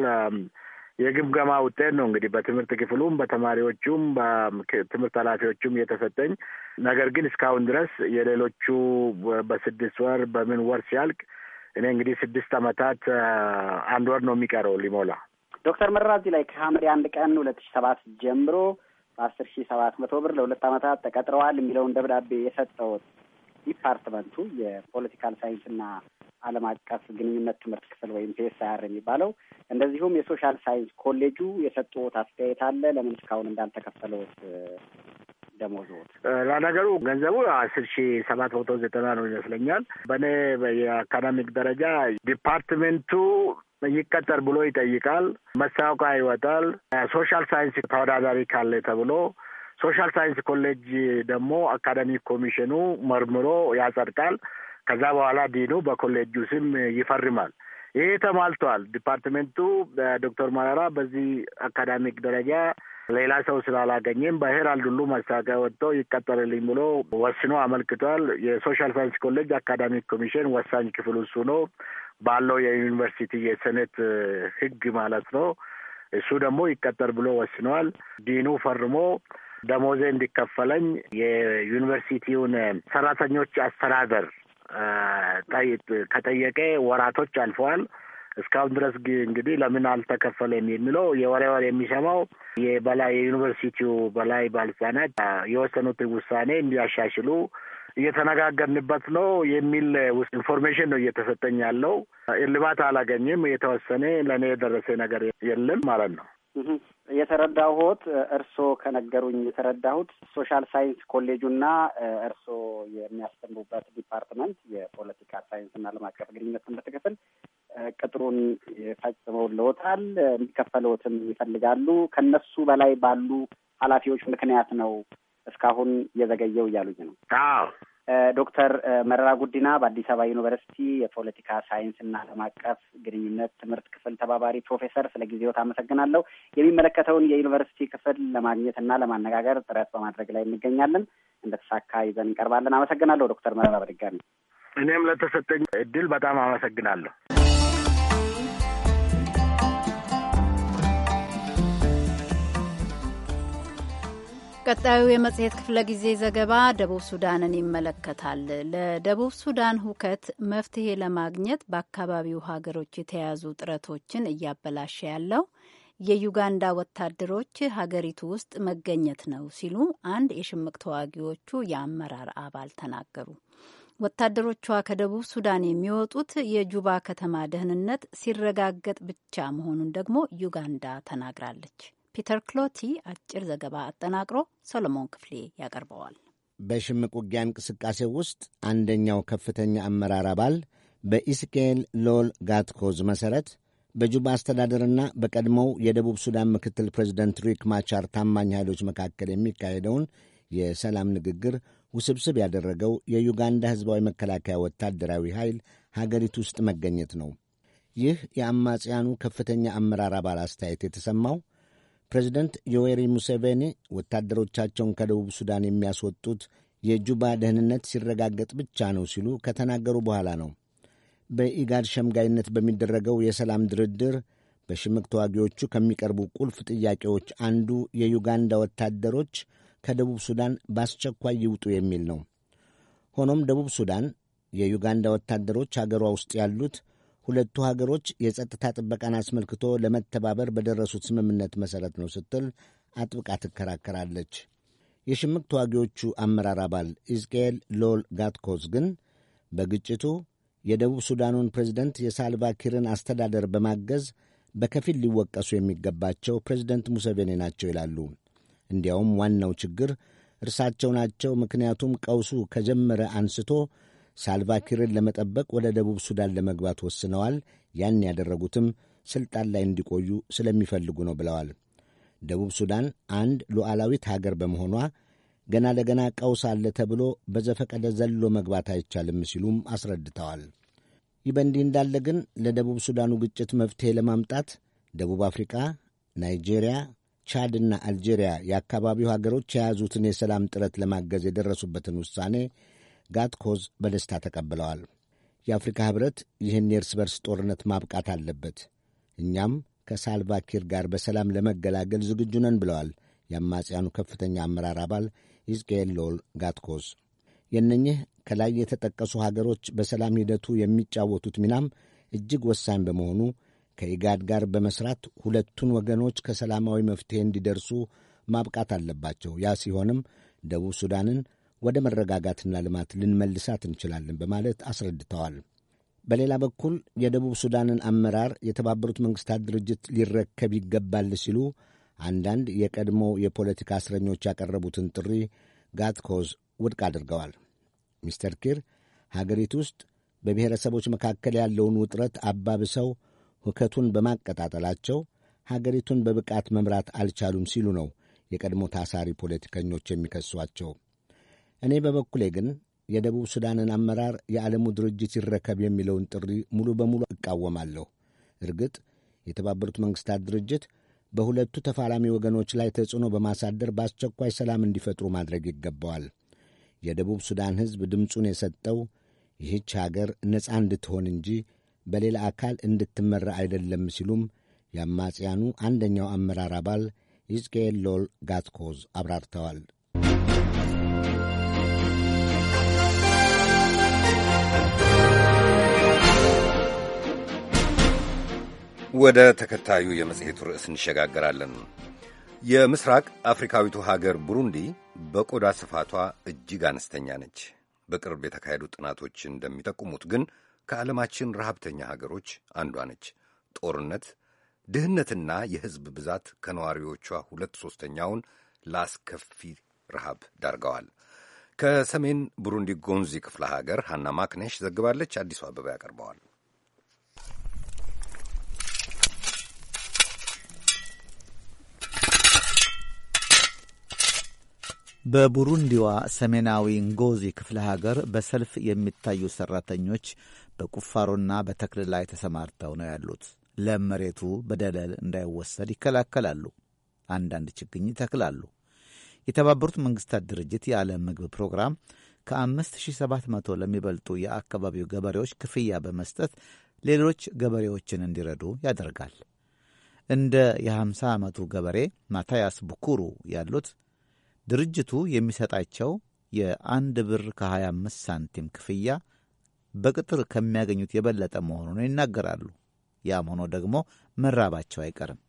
የግምገማ ውጤት ነው እንግዲህ በትምህርት ክፍሉም በተማሪዎቹም በትምህርት ኃላፊዎቹም እየተሰጠኝ ነገር ግን እስካሁን ድረስ የሌሎቹ በስድስት ወር በምን ወር ሲያልቅ እኔ እንግዲህ ስድስት ዓመታት አንድ ወር ነው የሚቀረው ሊሞላ ዶክተር መረራ እዚህ ላይ ከሐምሌ አንድ ቀን ሁለት ሺ ሰባት ጀምሮ በአስር ሺ ሰባት መቶ ብር ለሁለት ዓመታት ተቀጥረዋል የሚለውን ደብዳቤ የሰጠው ዲፓርትመንቱ የፖለቲካል ሳይንስና ዓለም አቀፍ ግንኙነት ትምህርት ክፍል ወይም ፒኤስአር የሚባለው እንደዚሁም የሶሻል ሳይንስ ኮሌጁ የሰጡት አስተያየት አለ። ለምን እስካሁን እንዳልተከፈለውት ደሞዝ ወት ለነገሩ ገንዘቡ አስር ሺ ሰባት መቶ ዘጠና ነው ይመስለኛል። በእኔ የአካዳሚክ ደረጃ ዲፓርትሜንቱ ይቀጠር ብሎ ይጠይቃል። መታወቂያ ይወጣል። ሶሻል ሳይንስ ተወዳዳሪ ካለ ተብሎ ሶሻል ሳይንስ ኮሌጅ ደግሞ አካዳሚክ ኮሚሽኑ መርምሮ ያጸድቃል። ከዛ በኋላ ዲኑ በኮሌጁ ስም ይፈርማል። ይሄ ተሟልተዋል። ዲፓርትሜንቱ ዶክተር መረራ በዚህ አካዳሚክ ደረጃ ሌላ ሰው ስላላገኘም በሄራልድ ሁሉ ማስታወቂያ ወጥቶ ይቀጠርልኝ ብሎ ወስኖ አመልክቷል። የሶሻል ሳይንስ ኮሌጅ አካዳሚክ ኮሚሽን ወሳኝ ክፍል እሱ ነው ባለው የዩኒቨርሲቲ የሰኔት ህግ ማለት ነው። እሱ ደግሞ ይቀጠር ብሎ ወስነዋል። ዲኑ ፈርሞ ደሞዜ እንዲከፈለኝ የዩኒቨርሲቲውን ሰራተኞች አስተዳደር ከጠየቀ ወራቶች አልፈዋል። እስካሁን ድረስ እንግዲህ ለምን አልተከፈለም የሚለው የወሬ ወሬ የሚሰማው የበላይ የዩኒቨርሲቲው በላይ ባለስልጣናት የወሰኑትን ውሳኔ እንዲያሻሽሉ እየተነጋገርንበት ነው የሚል ኢንፎርሜሽን ነው እየተሰጠኝ ያለው። እልባት አላገኝም። የተወሰነ ለእኔ የደረሰ ነገር የለም ማለት ነው። የተረዳሁት እርስዎ ከነገሩኝ የተረዳሁት ሶሻል ሳይንስ ኮሌጁና እርስዎ የሚያስተምሩበት ዲፓርትመንት የፖለቲካ ሳይንስ ሳይንስና ዓለም አቀፍ ግንኙነት ትምህርት ክፍል ቅጥሩን ፈጽመውልዎታል። የሚከፈለዎትም ይፈልጋሉ። ከነሱ በላይ ባሉ ኃላፊዎች ምክንያት ነው እስካሁን የዘገየው እያሉኝ ነው። አዎ ዶክተር መረራ ጉዲና በአዲስ አበባ ዩኒቨርሲቲ የፖለቲካ ሳይንስ እና ዓለም አቀፍ ግንኙነት ትምህርት ክፍል ተባባሪ ፕሮፌሰር፣ ስለ ጊዜዎት አመሰግናለሁ። የሚመለከተውን የዩኒቨርሲቲ ክፍል ለማግኘት እና ለማነጋገር ጥረት በማድረግ ላይ እንገኛለን። እንደተሳካ ይዘን እንቀርባለን። አመሰግናለሁ ዶክተር መረራ በድጋሚ እኔም ለተሰጠኝ እድል በጣም አመሰግናለሁ። ቀጣዩ የመጽሔት ክፍለ ጊዜ ዘገባ ደቡብ ሱዳንን ይመለከታል። ለደቡብ ሱዳን ሁከት መፍትሄ ለማግኘት በአካባቢው ሀገሮች የተያዙ ጥረቶችን እያበላሸ ያለው የዩጋንዳ ወታደሮች ሀገሪቱ ውስጥ መገኘት ነው ሲሉ አንድ የሽምቅ ተዋጊዎቹ የአመራር አባል ተናገሩ። ወታደሮቿ ከደቡብ ሱዳን የሚወጡት የጁባ ከተማ ደህንነት ሲረጋገጥ ብቻ መሆኑን ደግሞ ዩጋንዳ ተናግራለች። ፒተር ክሎቲ አጭር ዘገባ አጠናቅሮ ሰሎሞን ክፍሌ ያቀርበዋል። በሽምቅ ውጊያ እንቅስቃሴ ውስጥ አንደኛው ከፍተኛ አመራር አባል በኢስኬል ሎል ጋትኮዝ መሠረት በጁባ አስተዳደርና በቀድሞው የደቡብ ሱዳን ምክትል ፕሬዚደንት ሪክ ማቻር ታማኝ ኃይሎች መካከል የሚካሄደውን የሰላም ንግግር ውስብስብ ያደረገው የዩጋንዳ ሕዝባዊ መከላከያ ወታደራዊ ኃይል ሀገሪቱ ውስጥ መገኘት ነው። ይህ የአማጽያኑ ከፍተኛ አመራር አባል አስተያየት የተሰማው ፕሬዚደንት ዮዌሪ ሙሴቬኒ ወታደሮቻቸውን ከደቡብ ሱዳን የሚያስወጡት የጁባ ደህንነት ሲረጋገጥ ብቻ ነው ሲሉ ከተናገሩ በኋላ ነው። በኢጋድ ሸምጋይነት በሚደረገው የሰላም ድርድር በሽምቅ ተዋጊዎቹ ከሚቀርቡ ቁልፍ ጥያቄዎች አንዱ የዩጋንዳ ወታደሮች ከደቡብ ሱዳን በአስቸኳይ ይውጡ የሚል ነው። ሆኖም ደቡብ ሱዳን የዩጋንዳ ወታደሮች አገሯ ውስጥ ያሉት ሁለቱ ሀገሮች የጸጥታ ጥበቃን አስመልክቶ ለመተባበር በደረሱት ስምምነት መሠረት ነው ስትል አጥብቃ ትከራከራለች። የሽምቅ ተዋጊዎቹ አመራር አባል ኢዝቅኤል ሎል ጋትኮዝ ግን በግጭቱ የደቡብ ሱዳኑን ፕሬዝደንት የሳልቫኪርን አስተዳደር በማገዝ በከፊል ሊወቀሱ የሚገባቸው ፕሬዝደንት ሙሴቬኒ ናቸው ይላሉ። እንዲያውም ዋናው ችግር እርሳቸው ናቸው። ምክንያቱም ቀውሱ ከጀመረ አንስቶ ሳልቫኪርን ለመጠበቅ ወደ ደቡብ ሱዳን ለመግባት ወስነዋል። ያን ያደረጉትም ሥልጣን ላይ እንዲቆዩ ስለሚፈልጉ ነው ብለዋል። ደቡብ ሱዳን አንድ ሉዓላዊት ሀገር በመሆኗ ገና ለገና ቀውስ አለ ተብሎ በዘፈቀደ ዘሎ መግባት አይቻልም ሲሉም አስረድተዋል። ይህ በእንዲህ እንዳለ ግን ለደቡብ ሱዳኑ ግጭት መፍትሄ ለማምጣት ደቡብ አፍሪቃ፣ ናይጄሪያ፣ ቻድና አልጄሪያ የአካባቢው ሀገሮች የያዙትን የሰላም ጥረት ለማገዝ የደረሱበትን ውሳኔ ጋትኮዝ በደስታ ተቀብለዋል። የአፍሪካ ኅብረት ይህን የእርስ በርስ ጦርነት ማብቃት አለበት፣ እኛም ከሳልቫኪር ጋር በሰላም ለመገላገል ዝግጁ ነን ብለዋል የአማጽያኑ ከፍተኛ አመራር አባል ኢዝቅኤል ሎል ጋትኮዝ። የእነኚህ ከላይ የተጠቀሱ ሀገሮች በሰላም ሂደቱ የሚጫወቱት ሚናም እጅግ ወሳኝ በመሆኑ ከኢጋድ ጋር በመስራት ሁለቱን ወገኖች ከሰላማዊ መፍትሔ እንዲደርሱ ማብቃት አለባቸው። ያ ሲሆንም ደቡብ ሱዳንን ወደ መረጋጋትና ልማት ልንመልሳት እንችላለን በማለት አስረድተዋል። በሌላ በኩል የደቡብ ሱዳንን አመራር የተባበሩት መንግስታት ድርጅት ሊረከብ ይገባል ሲሉ አንዳንድ የቀድሞ የፖለቲካ እስረኞች ያቀረቡትን ጥሪ ጋትኮዝ ውድቅ አድርገዋል። ሚስተር ኪር ሀገሪቱ ውስጥ በብሔረሰቦች መካከል ያለውን ውጥረት አባብሰው ሁከቱን በማቀጣጠላቸው ሀገሪቱን በብቃት መምራት አልቻሉም ሲሉ ነው የቀድሞ ታሳሪ ፖለቲከኞች የሚከሷቸው። እኔ በበኩሌ ግን የደቡብ ሱዳንን አመራር የዓለሙ ድርጅት ይረከብ የሚለውን ጥሪ ሙሉ በሙሉ እቃወማለሁ። እርግጥ የተባበሩት መንግሥታት ድርጅት በሁለቱ ተፋላሚ ወገኖች ላይ ተጽዕኖ በማሳደር በአስቸኳይ ሰላም እንዲፈጥሩ ማድረግ ይገባዋል። የደቡብ ሱዳን ሕዝብ ድምፁን የሰጠው ይህች አገር ነፃ እንድትሆን እንጂ በሌላ አካል እንድትመራ አይደለም ሲሉም የአማጽያኑ አንደኛው አመራር አባል ይዝቅኤል ሎል ጋትኮዝ አብራርተዋል። ወደ ተከታዩ የመጽሔቱ ርዕስ እንሸጋገራለን። የምስራቅ አፍሪካዊቱ ሀገር ቡሩንዲ በቆዳ ስፋቷ እጅግ አነስተኛ ነች። በቅርብ የተካሄዱ ጥናቶች እንደሚጠቁሙት ግን ከዓለማችን ረሃብተኛ ሀገሮች አንዷ ነች። ጦርነት፣ ድህነትና የሕዝብ ብዛት ከነዋሪዎቿ ሁለት ሦስተኛውን ለአስከፊ ረሃብ ዳርገዋል። ከሰሜን ቡሩንዲ ጎንዚ ክፍለ ሀገር ሃና ማክነሽ ዘግባለች። አዲሱ አበባ ያቀርበዋል። በቡሩንዲዋ ሰሜናዊ ንጎዚ ክፍለ ሀገር በሰልፍ የሚታዩ ሠራተኞች በቁፋሮና በተክል ላይ ተሰማርተው ነው ያሉት። ለም መሬቱ በደለል እንዳይወሰድ ይከላከላሉ። አንዳንድ ችግኝ ይተክላሉ። የተባበሩት መንግሥታት ድርጅት የዓለም ምግብ ፕሮግራም ከ5700 ለሚበልጡ የአካባቢው ገበሬዎች ክፍያ በመስጠት ሌሎች ገበሬዎችን እንዲረዱ ያደርጋል። እንደ የ50 ዓመቱ ገበሬ ማታያስ ቡኩሩ ያሉት ድርጅቱ የሚሰጣቸው የአንድ ብር ከ25 ሳንቲም ክፍያ በቅጥር ከሚያገኙት የበለጠ መሆኑን ይናገራሉ። ያም ሆኖ ደግሞ መራባቸው አይቀርም።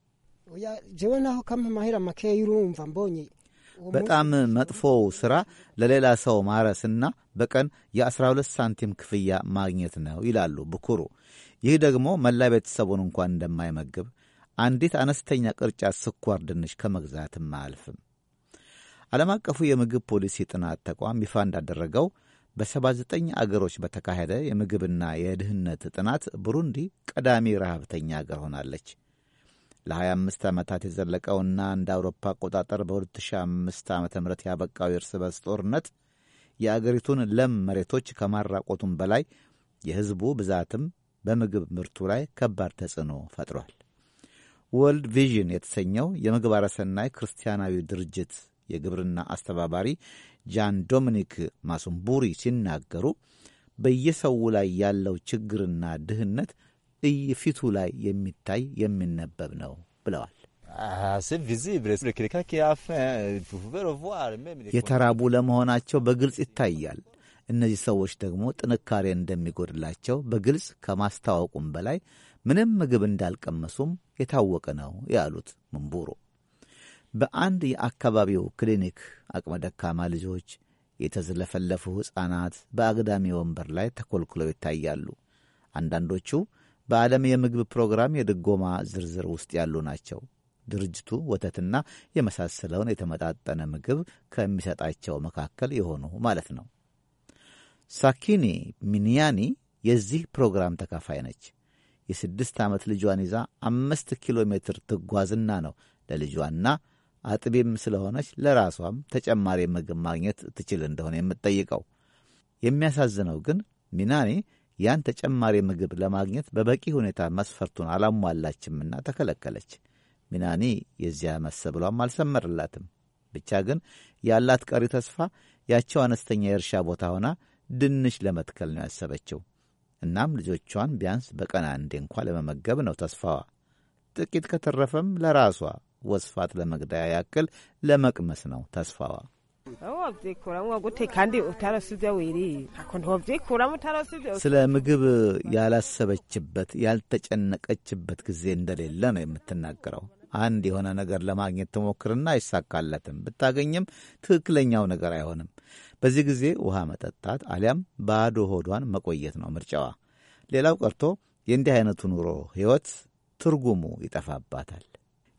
በጣም መጥፎው ስራ ለሌላ ሰው ማረስና በቀን የ12 ሳንቲም ክፍያ ማግኘት ነው ይላሉ ብኩሩ። ይህ ደግሞ መላ ቤተሰቡን እንኳን እንደማይመግብ አንዲት አነስተኛ ቅርጫት ስኳር ድንች ከመግዛትም አያልፍም። ዓለም አቀፉ የምግብ ፖሊሲ ጥናት ተቋም ይፋ እንዳደረገው በ79 አገሮች በተካሄደ የምግብና የድህነት ጥናት ብሩንዲ ቀዳሚ ረሃብተኛ አገር ሆናለች። ለ25 ዓመታት የዘለቀውና እንደ አውሮፓ አቆጣጠር በ2005 ዓ ም ያበቃው የእርስ በርስ ጦርነት የአገሪቱን ለም መሬቶች ከማራቆቱም በላይ የሕዝቡ ብዛትም በምግብ ምርቱ ላይ ከባድ ተጽዕኖ ፈጥሯል። ወርልድ ቪዥን የተሰኘው የምግባረ ሰናይ ክርስቲያናዊ ድርጅት የግብርና አስተባባሪ ጃን ዶሚኒክ ማሱምቡሪ ሲናገሩ በየሰው ላይ ያለው ችግርና ድህነት እፊቱ ላይ የሚታይ የሚነበብ ነው ብለዋል። የተራቡ ለመሆናቸው በግልጽ ይታያል። እነዚህ ሰዎች ደግሞ ጥንካሬ እንደሚጎድላቸው በግልጽ ከማስታወቁም በላይ ምንም ምግብ እንዳልቀመሱም የታወቀ ነው ያሉት ምንቡሮ በአንድ የአካባቢው ክሊኒክ አቅመ ደካማ ልጆች፣ የተዝለፈለፉ ሕፃናት በአግዳሚ ወንበር ላይ ተኮልኩለው ይታያሉ። አንዳንዶቹ በዓለም የምግብ ፕሮግራም የድጎማ ዝርዝር ውስጥ ያሉ ናቸው። ድርጅቱ ወተትና የመሳሰለውን የተመጣጠነ ምግብ ከሚሰጣቸው መካከል የሆኑ ማለት ነው። ሳኪኒ ሚኒያኒ የዚህ ፕሮግራም ተካፋይ ነች። የስድስት ዓመት ልጇን ይዛ አምስት ኪሎ ሜትር ትጓዝና ነው ለልጇና አጥቢም ስለሆነች ለራሷም ተጨማሪ ምግብ ማግኘት ትችል እንደሆነ የምትጠይቀው። የሚያሳዝነው ግን ሚናኒ ያን ተጨማሪ ምግብ ለማግኘት በበቂ ሁኔታ መስፈርቱን አላሟላችምና ተከለከለች። ሚናኒ የዚያ መሰብሏም አልሰመርላትም። ብቻ ግን ያላት ቀሪ ተስፋ ያቸው አነስተኛ የእርሻ ቦታ ሆና ድንች ለመትከል ነው ያሰበችው። እናም ልጆቿን ቢያንስ በቀን አንዴ እንኳ ለመመገብ ነው ተስፋዋ። ጥቂት ከተረፈም ለራሷ ወስፋት ለመግደያ ያክል ለመቅመስ ነው ተስፋዋ። ስለ ምግብ ያላሰበችበት ያልተጨነቀችበት ጊዜ እንደሌለ ነው የምትናገረው። አንድ የሆነ ነገር ለማግኘት ትሞክርና አይሳካለትም። ብታገኝም ትክክለኛው ነገር አይሆንም። በዚህ ጊዜ ውሃ መጠጣት አሊያም ባዶ ሆዷን መቆየት ነው ምርጫዋ። ሌላው ቀርቶ የእንዲህ አይነቱ ኑሮ ሕይወት ትርጉሙ ይጠፋባታል።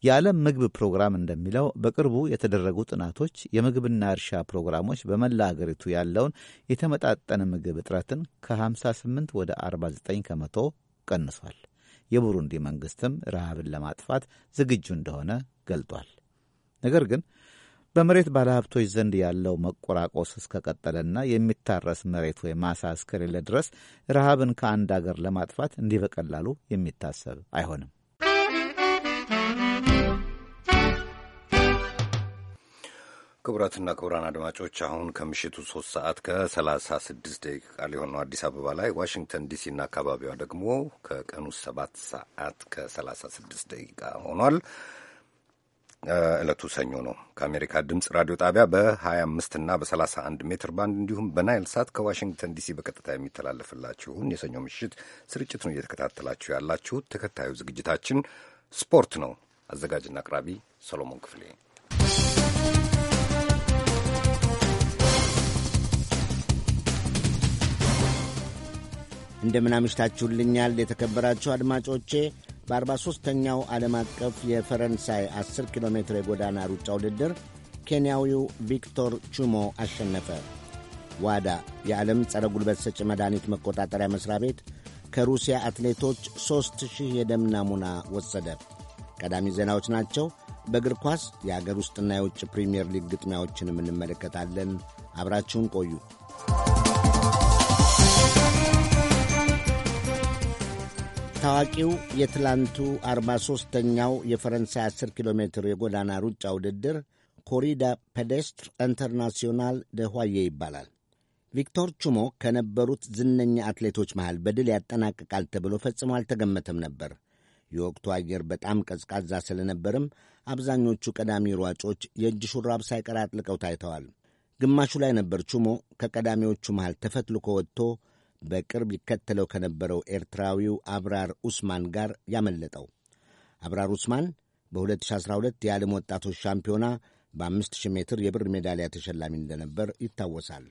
የዓለም ምግብ ፕሮግራም እንደሚለው በቅርቡ የተደረጉ ጥናቶች የምግብና እርሻ ፕሮግራሞች በመላ አገሪቱ ያለውን የተመጣጠነ ምግብ እጥረትን ከ58 ወደ 49 ከመቶ ቀንሷል። የቡሩንዲ መንግሥትም ረሃብን ለማጥፋት ዝግጁ እንደሆነ ገልጧል። ነገር ግን በመሬት ባለሀብቶች ዘንድ ያለው መቆራቆስ እስከቀጠለና የሚታረስ መሬት ወይም ማሳ እስከሌለ ድረስ ረሃብን ከአንድ አገር ለማጥፋት እንዲህ በቀላሉ የሚታሰብ አይሆንም። ክቡራትና ክቡራን አድማጮች አሁን ከምሽቱ ሶስት ሰዓት ከሰላሳ ስድስት ደቂቃ ሊሆን ነው አዲስ አበባ ላይ። ዋሽንግተን ዲሲና አካባቢዋ ደግሞ ከቀኑ ሰባት ሰዓት ከሰላሳ ስድስት ደቂቃ ሆኗል። እለቱ ሰኞ ነው። ከአሜሪካ ድምፅ ራዲዮ ጣቢያ በ25 እና በ31 ሜትር ባንድ እንዲሁም በናይል ሳት ከዋሽንግተን ዲሲ በቀጥታ የሚተላለፍላችሁን የሰኞ ምሽት ስርጭት ነው እየተከታተላችሁ ያላችሁ። ተከታዩ ዝግጅታችን ስፖርት ነው። አዘጋጅና አቅራቢ ሰሎሞን ክፍሌ እንደምን አምሽታችሁልኛል የተከበራችሁ አድማጮቼ። በ43ኛው ዓለም አቀፍ የፈረንሳይ 10 ኪሎ ሜትር የጎዳና ሩጫ ውድድር ኬንያዊው ቪክቶር ቹሞ አሸነፈ። ዋዳ የዓለም ጸረ ጉልበት ሰጪ መድኃኒት መቆጣጠሪያ መሥሪያ ቤት ከሩሲያ አትሌቶች ሦስት ሺህ የደም ናሙና ወሰደ። ቀዳሚ ዜናዎች ናቸው። በእግር ኳስ የአገር ውስጥና የውጭ ፕሪምየር ሊግ ግጥሚያዎችንም እንመለከታለን። አብራችሁን ቆዩ። ታዋቂው የትላንቱ 43ተኛው የፈረንሳይ 10 ኪሎ ሜትር የጎዳና ሩጫ ውድድር ኮሪዳ ፔዴስትር ኢንተርናሲዮናል ደ ኋዬ ይባላል። ቪክቶር ቹሞ ከነበሩት ዝነኛ አትሌቶች መሃል በድል ያጠናቅቃል ተብሎ ፈጽሞ አልተገመተም ነበር። የወቅቱ አየር በጣም ቀዝቃዛ ስለነበርም አብዛኞቹ ቀዳሚ ሯጮች የእጅ ሹራብ ሳይቀር አጥልቀው ታይተዋል። ግማሹ ላይ ነበር ቹሞ ከቀዳሚዎቹ መሃል ተፈትልኮ ወጥቶ በቅርብ ይከተለው ከነበረው ኤርትራዊው አብራር ኡስማን ጋር ያመለጠው። አብራር ኡስማን በ2012 የዓለም ወጣቶች ሻምፒዮና በ5000 ሜትር የብር ሜዳሊያ ተሸላሚ እንደነበር ይታወሳል።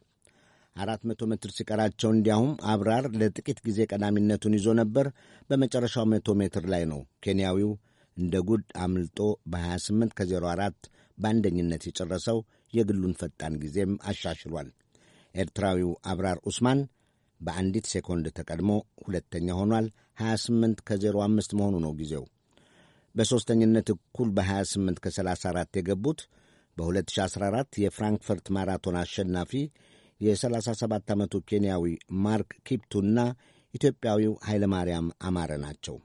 400 ሜትር ሲቀራቸው እንዲያውም አብራር ለጥቂት ጊዜ ቀዳሚነቱን ይዞ ነበር። በመጨረሻው 100 ሜትር ላይ ነው ኬንያዊው እንደ ጉድ አምልጦ በ28 ከ04 በአንደኝነት የጨረሰው የግሉን ፈጣን ጊዜም አሻሽሏል። ኤርትራዊው አብራር ኡስማን በአንዲት ሴኮንድ ተቀድሞ ሁለተኛ ሆኗል። 28 ከ05 መሆኑ ነው ጊዜው። በሦስተኝነት እኩል በ28 ከ34 የገቡት በ2014 የፍራንክፈርት ማራቶን አሸናፊ የ37 ዓመቱ ኬንያዊ ማርክ ኪፕቱና ኢትዮጵያዊው ኃይለማርያም አማረ ናቸው።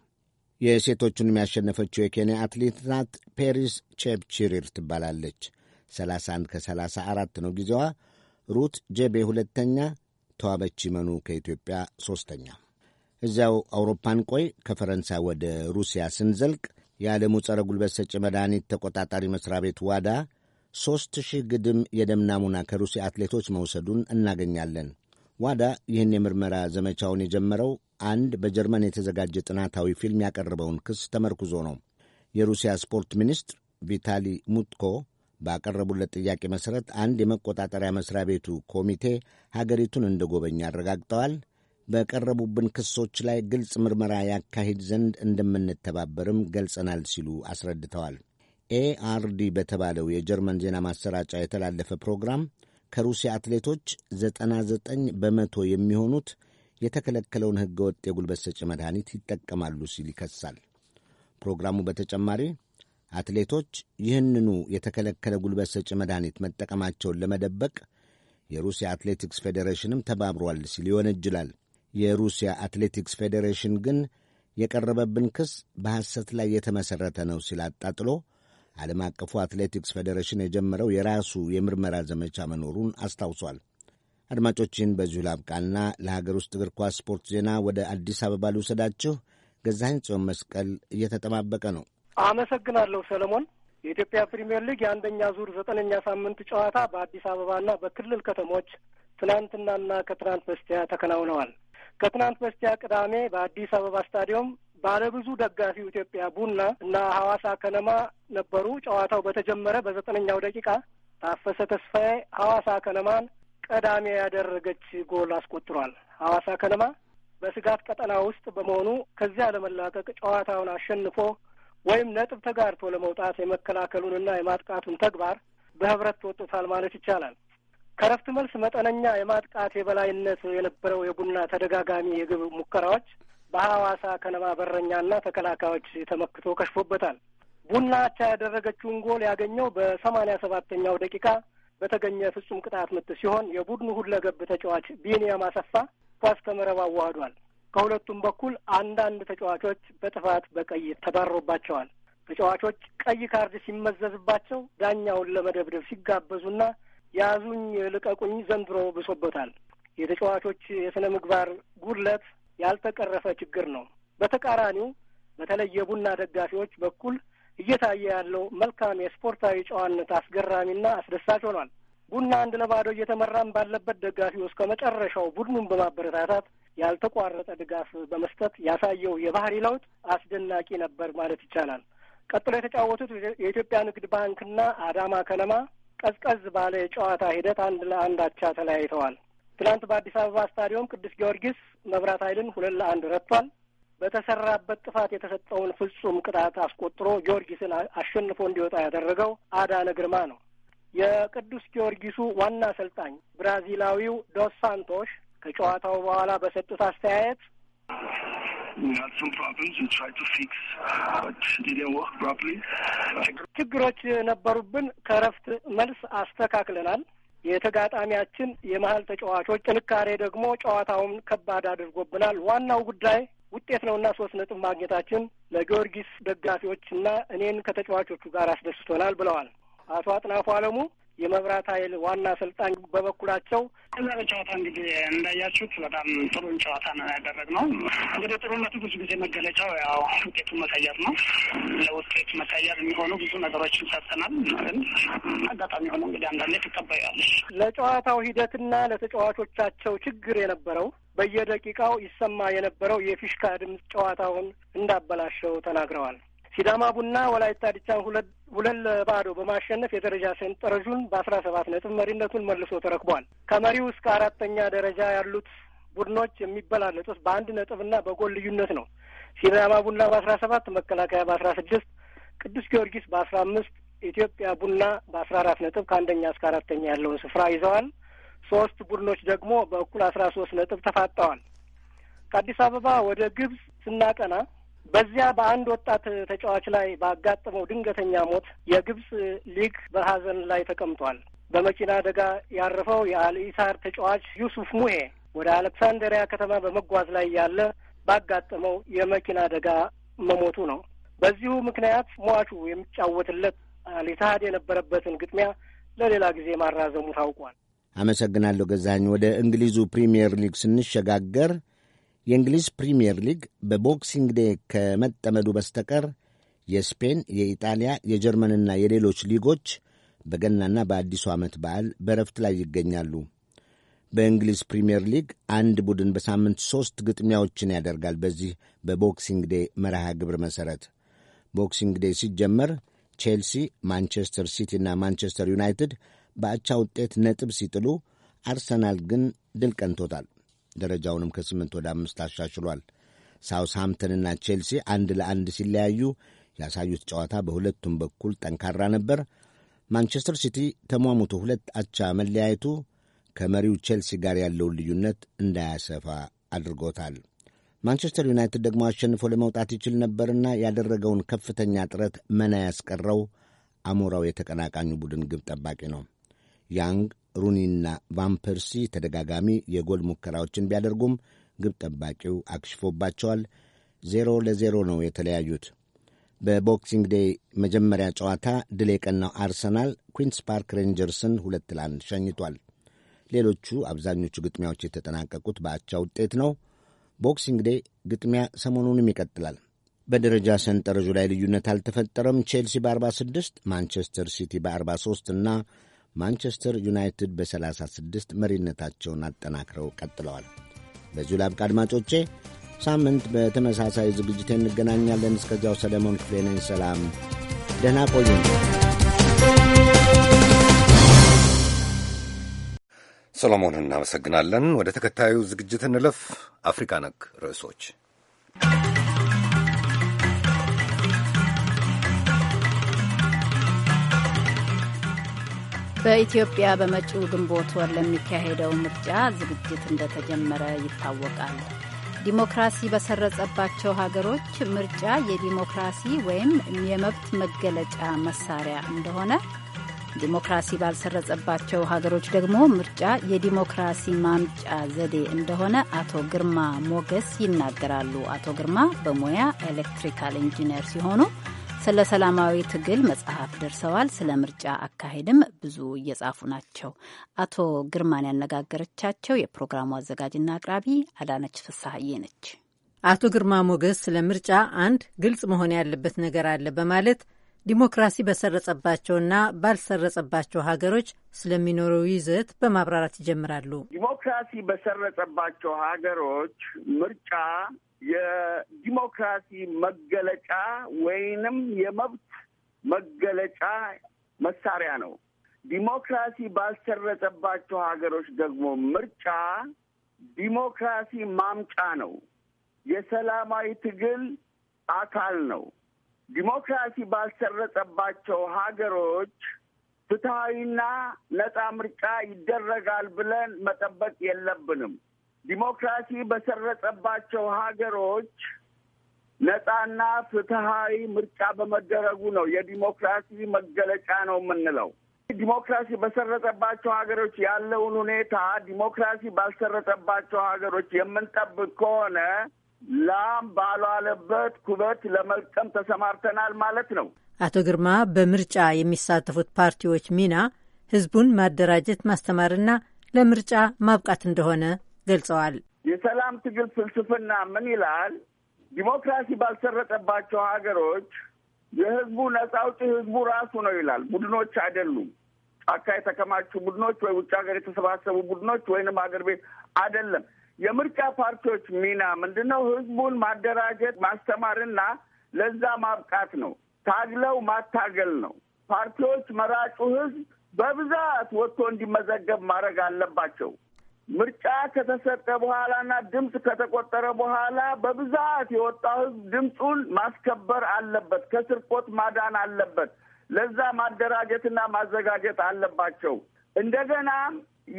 የሴቶቹንም ያሸነፈችው የኬንያ አትሌት ናት። ፔሪስ ቼፕቺሪር ትባላለች። 31 ከ34 ነው ጊዜዋ። ሩት ጄቤ ሁለተኛ፣ ተዋበች መኑ ከኢትዮጵያ ሦስተኛ። እዚያው አውሮፓን ቆይ ከፈረንሳይ ወደ ሩሲያ ስንዘልቅ የዓለሙ ጸረ ጉልበት ሰጪ መድኃኒት ተቆጣጣሪ መሥሪያ ቤት ዋዳ ሦስት ሺህ ግድም የደም ናሙና ከሩሲያ አትሌቶች መውሰዱን እናገኛለን። ዋዳ ይህን የምርመራ ዘመቻውን የጀመረው አንድ በጀርመን የተዘጋጀ ጥናታዊ ፊልም ያቀረበውን ክስ ተመርኩዞ ነው። የሩሲያ ስፖርት ሚኒስትር ቪታሊ ሙትኮ ባቀረቡለት ጥያቄ መሠረት አንድ የመቆጣጠሪያ መስሪያ ቤቱ ኮሚቴ ሀገሪቱን እንደ ጎበኛ አረጋግጠዋል። በቀረቡብን ክሶች ላይ ግልጽ ምርመራ ያካሂድ ዘንድ እንደምንተባበርም ገልጸናል ሲሉ አስረድተዋል። ኤአርዲ በተባለው የጀርመን ዜና ማሰራጫ የተላለፈ ፕሮግራም ከሩሲያ አትሌቶች 99 በመቶ የሚሆኑት የተከለከለውን ሕገወጥ የጉልበት ሰጪ መድኃኒት ይጠቀማሉ ሲል ይከሳል። ፕሮግራሙ በተጨማሪ አትሌቶች ይህንኑ የተከለከለ ጉልበት ሰጪ መድኃኒት መጠቀማቸውን ለመደበቅ የሩሲያ አትሌቲክስ ፌዴሬሽንም ተባብሯል ሲል ይወነጅላል። የሩሲያ አትሌቲክስ ፌዴሬሽን ግን የቀረበብን ክስ በሐሰት ላይ የተመሠረተ ነው ሲል አጣጥሎ ዓለም አቀፉ አትሌቲክስ ፌዴሬሽን የጀመረው የራሱ የምርመራ ዘመቻ መኖሩን አስታውሷል። አድማጮችን በዚሁ ላብቃና ለሀገር ውስጥ እግር ኳስ ስፖርት ዜና ወደ አዲስ አበባ ልውሰዳችሁ። ገዛኸኝ ጽዮን መስቀል እየተጠባበቀ ነው። አመሰግናለሁ ሰለሞን። የኢትዮጵያ ፕሪምየር ሊግ የአንደኛ ዙር ዘጠነኛ ሳምንት ጨዋታ በአዲስ አበባና በክልል ከተሞች ትናንትናና ከትናንት በስቲያ ተከናውነዋል። ከትናንት በስቲያ ቅዳሜ በአዲስ አበባ ስታዲየም ባለብዙ ደጋፊው ኢትዮጵያ ቡና እና ሐዋሳ ከነማ ነበሩ። ጨዋታው በተጀመረ በዘጠነኛው ደቂቃ ታፈሰ ተስፋዬ ሐዋሳ ከነማን ቀዳሚ ያደረገች ጎል አስቆጥሯል። ሐዋሳ ከነማ በስጋት ቀጠና ውስጥ በመሆኑ ከዚያ ለመላቀቅ ጨዋታውን አሸንፎ ወይም ነጥብ ተጋርቶ ለመውጣት የመከላከሉንና የማጥቃቱን ተግባር በህብረት ተወጥቷል ማለት ይቻላል። ከረፍት መልስ መጠነኛ የማጥቃት የበላይነት የነበረው የቡና ተደጋጋሚ የግብ ሙከራዎች በሐዋሳ ከነማ በረኛና ተከላካዮች ተመክቶ ከሽፎበታል። ቡና አቻ ያደረገችውን ጎል ያገኘው በሰማኒያ ሰባተኛው ደቂቃ በተገኘ ፍጹም ቅጣት ምት ሲሆን የቡድኑ ሁለገብ ተጫዋች ቢኒያም አሰፋ ኳስ ከመረብ አዋህዷል። ከሁለቱም በኩል አንዳንድ ተጫዋቾች በጥፋት በቀይ ተባሮባቸዋል። ተጫዋቾች ቀይ ካርድ ሲመዘዝባቸው ዳኛውን ለመደብደብ ሲጋበዙና ያዙኝ ልቀቁኝ ዘንድሮ ብሶበታል። የተጫዋቾች የሥነ ምግባር ጉድለት ያልተቀረፈ ችግር ነው። በተቃራኒው በተለይ የቡና ደጋፊዎች በኩል እየታየ ያለው መልካም የስፖርታዊ ጨዋነት አስገራሚና አስደሳች ሆኗል። ቡና አንድ ለባዶ እየተመራም ባለበት ደጋፊው እስከ መጨረሻው ቡድኑን በማበረታታት ያልተቋረጠ ድጋፍ በመስጠት ያሳየው የባህሪ ለውጥ አስደናቂ ነበር ማለት ይቻላል። ቀጥሎ የተጫወቱት የኢትዮጵያ ንግድ ባንክና አዳማ ከነማ ቀዝቀዝ ባለ የጨዋታ ሂደት አንድ ለአንድ አቻ ተለያይተዋል። ትናንት በአዲስ አበባ ስታዲየም ቅዱስ ጊዮርጊስ መብራት ኃይልን ሁለት ለአንድ ረቷል። በተሰራበት ጥፋት የተሰጠውን ፍጹም ቅጣት አስቆጥሮ ጊዮርጊስን አሸንፎ እንዲወጣ ያደረገው አዳነ ግርማ ነው። የቅዱስ ጊዮርጊሱ ዋና አሰልጣኝ ብራዚላዊው ዶስ ሳንቶሽ ከጨዋታው በኋላ በሰጡት አስተያየት ችግሮች ነበሩብን። ከረፍት መልስ አስተካክለናል። የተጋጣሚያችን የመሀል ተጫዋቾች ጥንካሬ ደግሞ ጨዋታውን ከባድ አድርጎብናል። ዋናው ጉዳይ ውጤት ነውና ሶስት ነጥብ ማግኘታችን ለጊዮርጊስ ደጋፊዎች እና እኔን ከተጫዋቾቹ ጋር አስደስቶናል ብለዋል። አቶ አጥናፉ አለሙ የመብራት ኃይል ዋና አሰልጣኝ በበኩላቸው ከዛ በጨዋታ እንግዲህ እንዳያችሁት በጣም ጥሩን ጨዋታ ነው ያደረግነው። እንግዲህ ጥሩነቱ ብዙ ጊዜ መገለጫው ያው ውጤቱ መቀየር ነው። ለውጤት መቀየር የሚሆኑ ብዙ ነገሮችን ሰርተናል። ግን አጋጣሚ ሆኖ እንግዲህ አንዳንዴ ትቀበያለሽ። ለጨዋታው ሂደትና ለተጫዋቾቻቸው ችግር የነበረው በየደቂቃው ይሰማ የነበረው የፊሽካ ድምፅ ጨዋታውን እንዳበላሸው ተናግረዋል። ሲዳማ ቡና ወላይታ ዲቻን ሁለት ሁለት ለባዶ በማሸነፍ የደረጃ ሰንጠረዡን በአስራ ሰባት ነጥብ መሪነቱን መልሶ ተረክቧል። ከመሪው እስከ አራተኛ ደረጃ ያሉት ቡድኖች የሚበላለጡት በአንድ ነጥብና በጎል ልዩነት ነው። ሲዳማ ቡና በአስራ ሰባት መከላከያ በአስራ ስድስት ቅዱስ ጊዮርጊስ በአስራ አምስት ኢትዮጵያ ቡና በአስራ አራት ነጥብ ከአንደኛ እስከ አራተኛ ያለውን ስፍራ ይዘዋል። ሶስት ቡድኖች ደግሞ በእኩል አስራ ሶስት ነጥብ ተፋጠዋል። ከአዲስ አበባ ወደ ግብጽ ስናቀና በዚያ በአንድ ወጣት ተጫዋች ላይ ባጋጠመው ድንገተኛ ሞት የግብፅ ሊግ በሀዘን ላይ ተቀምጧል። በመኪና አደጋ ያረፈው የአልኢሳር ተጫዋች ዩሱፍ ሙሄ ወደ አሌክሳንደሪያ ከተማ በመጓዝ ላይ ያለ ባጋጠመው የመኪና አደጋ መሞቱ ነው። በዚሁ ምክንያት ሟቹ የሚጫወትለት አልኢትሃድ የነበረበትን ግጥሚያ ለሌላ ጊዜ ማራዘሙ ታውቋል። አመሰግናለሁ ገዛኝ። ወደ እንግሊዙ ፕሪምየር ሊግ ስንሸጋገር የእንግሊዝ ፕሪምየር ሊግ በቦክሲንግ ዴይ ከመጠመዱ በስተቀር የስፔን፣ የኢጣሊያ፣ የጀርመንና የሌሎች ሊጎች በገናና በአዲሱ ዓመት በዓል በረፍት ላይ ይገኛሉ። በእንግሊዝ ፕሪምየር ሊግ አንድ ቡድን በሳምንት ሦስት ግጥሚያዎችን ያደርጋል። በዚህ በቦክሲንግ ዴይ መርሃ ግብር መሠረት ቦክሲንግ ዴ ሲጀመር ቼልሲ፣ ማንቸስተር ሲቲ እና ማንቸስተር ዩናይትድ በአቻ ውጤት ነጥብ ሲጥሉ፣ አርሰናል ግን ድል ቀንቶታል። ደረጃውንም ከስምንት ወደ አምስት አሻሽሏል። ሳውስሃምተንና ቼልሲ አንድ ለአንድ ሲለያዩ ያሳዩት ጨዋታ በሁለቱም በኩል ጠንካራ ነበር። ማንቸስተር ሲቲ ተሟሙቶ ሁለት አቻ መለያየቱ ከመሪው ቼልሲ ጋር ያለውን ልዩነት እንዳያሰፋ አድርጎታል። ማንቸስተር ዩናይትድ ደግሞ አሸንፎ ለመውጣት ይችል ነበርና ያደረገውን ከፍተኛ ጥረት መና ያስቀረው አሞራው የተቀናቃኙ ቡድን ግብ ጠባቂ ነው። ያንግ፣ ሩኒና ቫምፐርሲ ተደጋጋሚ የጎል ሙከራዎችን ቢያደርጉም ግብ ጠባቂው አክሽፎባቸዋል። ዜሮ ለዜሮ ነው የተለያዩት። በቦክሲንግ ዴይ መጀመሪያ ጨዋታ ድል የቀናው አርሰናል ኩንስ ፓርክ ሬንጀርስን ሁለት ለአንድ ሸኝቷል። ሌሎቹ አብዛኞቹ ግጥሚያዎች የተጠናቀቁት በአቻ ውጤት ነው። ቦክሲንግ ዴይ ግጥሚያ ሰሞኑንም ይቀጥላል። በደረጃ ሰንጠረዡ ላይ ልዩነት አልተፈጠረም። ቼልሲ በ46 ማንቸስተር ሲቲ በ43 እና ማንቸስተር ዩናይትድ በ36 መሪነታቸውን አጠናክረው ቀጥለዋል። በዚሁ ላብቃ አድማጮቼ። ሳምንት በተመሳሳይ ዝግጅት እንገናኛለን። እስከዚያው ሰለሞን ክፍሌ ነኝ። ሰላም፣ ደህና ቆዩ። ሰሎሞን እናመሰግናለን። ወደ ተከታዩ ዝግጅት እንለፍ። አፍሪካ ነክ ርዕሶች በኢትዮጵያ በመጪው ግንቦት ወር ለሚካሄደው ምርጫ ዝግጅት እንደተጀመረ ይታወቃል። ዲሞክራሲ በሰረጸባቸው ሀገሮች ምርጫ የዲሞክራሲ ወይም የመብት መገለጫ መሳሪያ እንደሆነ፣ ዲሞክራሲ ባልሰረጸባቸው ሀገሮች ደግሞ ምርጫ የዲሞክራሲ ማምጫ ዘዴ እንደሆነ አቶ ግርማ ሞገስ ይናገራሉ። አቶ ግርማ በሙያ ኤሌክትሪካል ኢንጂነር ሲሆኑ ስለ ሰላማዊ ትግል መጽሐፍ ደርሰዋል። ስለ ምርጫ አካሄድም ብዙ እየጻፉ ናቸው። አቶ ግርማን ያነጋገረቻቸው የፕሮግራሙ አዘጋጅና አቅራቢ አዳነች ፍሳሐዬ ነች። አቶ ግርማ ሞገስ ስለ ምርጫ አንድ ግልጽ መሆን ያለበት ነገር አለ በማለት ዲሞክራሲ በሰረጸባቸውና ባልሰረጸባቸው ሀገሮች ስለሚኖረው ይዘት በማብራራት ይጀምራሉ። ዲሞክራሲ በሰረጸባቸው ሀገሮች ምርጫ የዲሞክራሲ መገለጫ ወይንም የመብት መገለጫ መሳሪያ ነው። ዲሞክራሲ ባልሰረጸባቸው ሀገሮች ደግሞ ምርጫ ዲሞክራሲ ማምጫ ነው፣ የሰላማዊ ትግል አካል ነው። ዲሞክራሲ ባልሰረጸባቸው ሀገሮች ፍትሐዊና ነፃ ምርጫ ይደረጋል ብለን መጠበቅ የለብንም። ዲሞክራሲ በሰረጸባቸው ሀገሮች ነጻና ፍትሀዊ ምርጫ በመደረጉ ነው የዲሞክራሲ መገለጫ ነው የምንለው። ዲሞክራሲ በሰረጸባቸው ሀገሮች ያለውን ሁኔታ ዲሞክራሲ ባልሰረጸባቸው ሀገሮች የምንጠብቅ ከሆነ ላም ባሏለበት ኩበት ለመልቀም ተሰማርተናል ማለት ነው። አቶ ግርማ በምርጫ የሚሳተፉት ፓርቲዎች ሚና ህዝቡን ማደራጀት ማስተማርና ለምርጫ ማብቃት እንደሆነ ገልጸዋል። የሰላም ትግል ፍልስፍና ምን ይላል? ዲሞክራሲ ባልሰረጠባቸው ሀገሮች የህዝቡ ነጻ አውጪ ህዝቡ ራሱ ነው ይላል። ቡድኖች አይደሉም። ጫካ የተከማቹ ቡድኖች ወይ ውጭ ሀገር የተሰባሰቡ ቡድኖች ወይንም ሀገር ቤት አይደለም። የምርጫ ፓርቲዎች ሚና ምንድን ነው? ህዝቡን ማደራጀት ማስተማርና ለዛ ማብቃት ነው። ታግለው ማታገል ነው። ፓርቲዎች መራጩ ህዝብ በብዛት ወጥቶ እንዲመዘገብ ማድረግ አለባቸው። ምርጫ ከተሰጠ በኋላና ድምፅ ከተቆጠረ በኋላ በብዛት የወጣው ህዝብ ድምፁን ማስከበር አለበት። ከስርቆት ማዳን አለበት። ለዛ ማደራጀትና ማዘጋጀት አለባቸው። እንደገና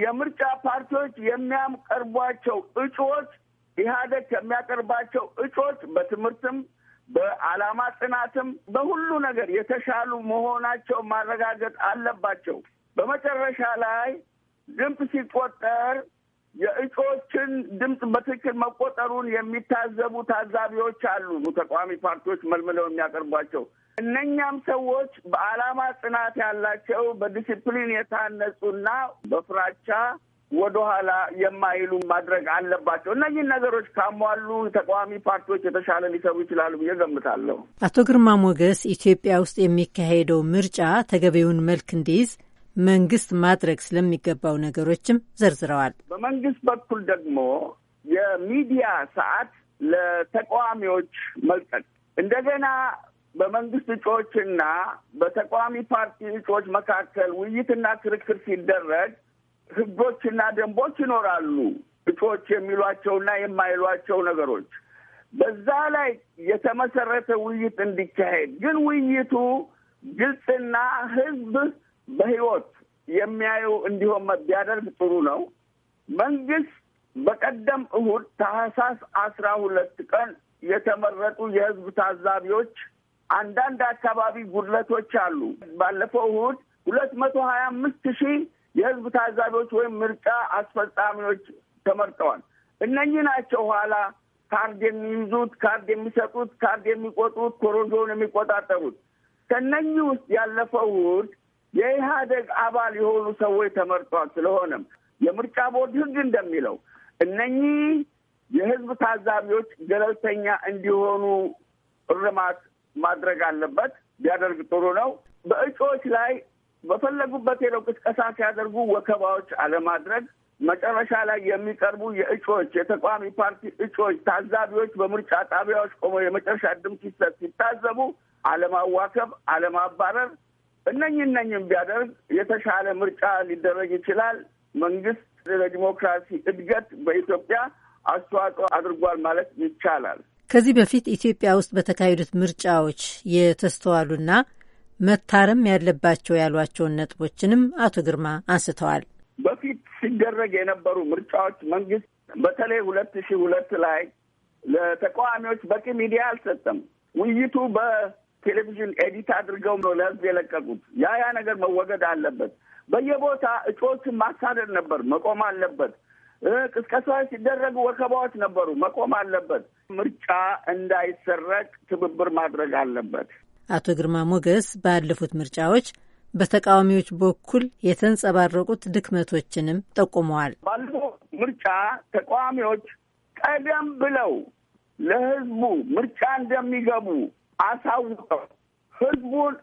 የምርጫ ፓርቲዎች የሚያቀርቧቸው እጩዎች ኢህአደግ ከሚያቀርባቸው እጩዎች በትምህርትም በዓላማ ጽናትም በሁሉ ነገር የተሻሉ መሆናቸው ማረጋገጥ አለባቸው። በመጨረሻ ላይ ድምፅ ሲቆጠር የእጩዎችን ድምፅ በትክክል መቆጠሩን የሚታዘቡ ታዛቢዎች አሉ፣ ተቃዋሚ ፓርቲዎች መልምለው የሚያቀርቧቸው። እነኛም ሰዎች በዓላማ ጽናት ያላቸው በዲሲፕሊን የታነጹና በፍራቻ ወደኋላ የማይሉ ማድረግ አለባቸው። እነዚህን ነገሮች ካሟሉ ተቃዋሚ ፓርቲዎች የተሻለ ሊሰሩ ይችላሉ ብዬ ገምታለሁ። አቶ ግርማ ሞገስ ኢትዮጵያ ውስጥ የሚካሄደው ምርጫ ተገቢውን መልክ እንዲይዝ መንግስት ማድረግ ስለሚገባው ነገሮችም ዘርዝረዋል። በመንግስት በኩል ደግሞ የሚዲያ ሰዓት ለተቃዋሚዎች መልቀቅ፣ እንደገና በመንግስት እጩዎችና በተቃዋሚ ፓርቲ እጩዎች መካከል ውይይትና ክርክር ሲደረግ ህጎችና ደንቦች ይኖራሉ። እጩዎች የሚሏቸውና የማይሏቸው ነገሮች በዛ ላይ የተመሰረተ ውይይት እንዲካሄድ ግን ውይይቱ ግልጽና ህዝብ በህይወት የሚያዩ እንዲሆን ቢያደርግ ጥሩ ነው። መንግስት በቀደም እሁድ ታህሳስ አስራ ሁለት ቀን የተመረጡ የህዝብ ታዛቢዎች አንዳንድ አካባቢ ጉድለቶች አሉ። ባለፈው እሁድ ሁለት መቶ ሀያ አምስት ሺህ የህዝብ ታዛቢዎች ወይም ምርጫ አስፈጻሚዎች ተመርጠዋል። እነኚህ ናቸው ኋላ ካርድ የሚይዙት፣ ካርድ የሚሰጡት፣ ካርድ የሚቆጡት፣ ኮሮጆውን የሚቆጣጠሩት ከእነኚህ ውስጥ ያለፈው እሁድ የኢህአደግ አባል የሆኑ ሰዎች ተመርጧል። ስለሆነም የምርጫ ቦርድ ህግ እንደሚለው እነኚህ የህዝብ ታዛቢዎች ገለልተኛ እንዲሆኑ እርማት ማድረግ አለበት። ቢያደርግ ጥሩ ነው። በእጩዎች ላይ በፈለጉበት ሄደው ቅስቀሳ ሲያደርጉ ወከባዎች አለማድረግ፣ መጨረሻ ላይ የሚቀርቡ የእጩዎች የተቃዋሚ ፓርቲ እጩዎች ታዛቢዎች በምርጫ ጣቢያዎች ቆመው የመጨረሻ ድምፅ ሲሰጥ ሲታዘቡ አለማዋከብ፣ አለማባረር እነኝ እነኝም ቢያደርግ የተሻለ ምርጫ ሊደረግ ይችላል። መንግስት ለዲሞክራሲ እድገት በኢትዮጵያ አስተዋጽኦ አድርጓል ማለት ይቻላል። ከዚህ በፊት ኢትዮጵያ ውስጥ በተካሄዱት ምርጫዎች የተስተዋሉና መታረም ያለባቸው ያሏቸውን ነጥቦችንም አቶ ግርማ አንስተዋል። በፊት ሲደረግ የነበሩ ምርጫዎች መንግስት በተለይ ሁለት ሺህ ሁለት ላይ ለተቃዋሚዎች በቂ ሚዲያ አልሰጠም። ውይይቱ በ- ቴሌቪዥን ኤዲት አድርገው ነው ለህዝብ የለቀቁት። ያ ያ ነገር መወገድ አለበት። በየቦታ እጩዎችን ማሳደድ ነበር፣ መቆም አለበት። ቅስቀሳዎች ሲደረጉ ወከባዎች ነበሩ፣ መቆም አለበት። ምርጫ እንዳይሰረቅ ትብብር ማድረግ አለበት። አቶ ግርማ ሞገስ ባለፉት ምርጫዎች በተቃዋሚዎች በኩል የተንጸባረቁት ድክመቶችንም ጠቁመዋል። ባለፈው ምርጫ ተቃዋሚዎች ቀደም ብለው ለህዝቡ ምርጫ እንደሚገቡ አሳውቀው ህዝቡን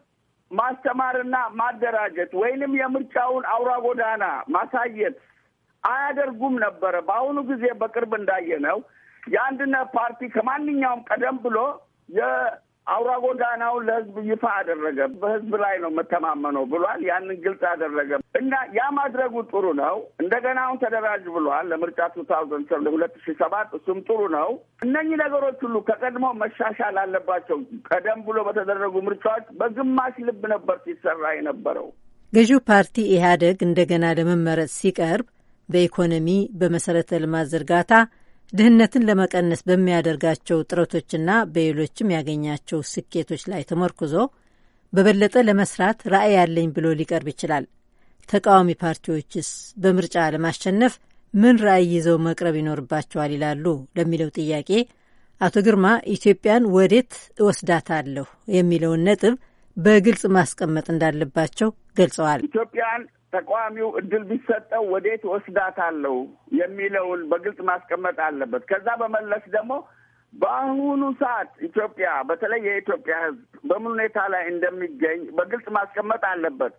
ማስተማርና ማደራጀት ወይንም የምርጫውን አውራ ጎዳና ማሳየት አያደርጉም ነበረ። በአሁኑ ጊዜ በቅርብ እንዳየነው የአንድነት ፓርቲ ከማንኛውም ቀደም ብሎ አውራ ጎዳናውን ለህዝብ ይፋ አደረገ። በህዝብ ላይ ነው መተማመነው ብሏል። ያንን ግልጽ አደረገ እና ያ ማድረጉ ጥሩ ነው። እንደገና አሁን ተደራጅ ብሏል ለምርጫ ቱ ታውዘንድ ሁለት ሺ ሰባት እሱም ጥሩ ነው። እነኚህ ነገሮች ሁሉ ከቀድሞ መሻሻል አለባቸው። ቀደም ብሎ በተደረጉ ምርጫዎች በግማሽ ልብ ነበር ሲሰራ የነበረው። ገዢው ፓርቲ ኢህአደግ እንደገና ለመመረጥ ሲቀርብ በኢኮኖሚ በመሰረተ ልማት ዝርጋታ ድህነትን ለመቀነስ በሚያደርጋቸው ጥረቶችና በሌሎችም ያገኛቸው ስኬቶች ላይ ተመርኩዞ በበለጠ ለመስራት ራዕይ ያለኝ ብሎ ሊቀርብ ይችላል። ተቃዋሚ ፓርቲዎችስ በምርጫ ለማሸነፍ ምን ራዕይ ይዘው መቅረብ ይኖርባቸዋል ይላሉ ለሚለው ጥያቄ አቶ ግርማ ኢትዮጵያን ወዴት እወስዳታለሁ የሚለውን ነጥብ በግልጽ ማስቀመጥ እንዳለባቸው ገልጸዋል። ኢትዮጵያን ተቃዋሚው እድል ቢሰጠው ወዴት ወስዳታለው የሚለውን በግልጽ ማስቀመጥ አለበት። ከዛ በመለስ ደግሞ በአሁኑ ሰዓት ኢትዮጵያ በተለይ የኢትዮጵያ ሕዝብ በምን ሁኔታ ላይ እንደሚገኝ በግልጽ ማስቀመጥ አለበት።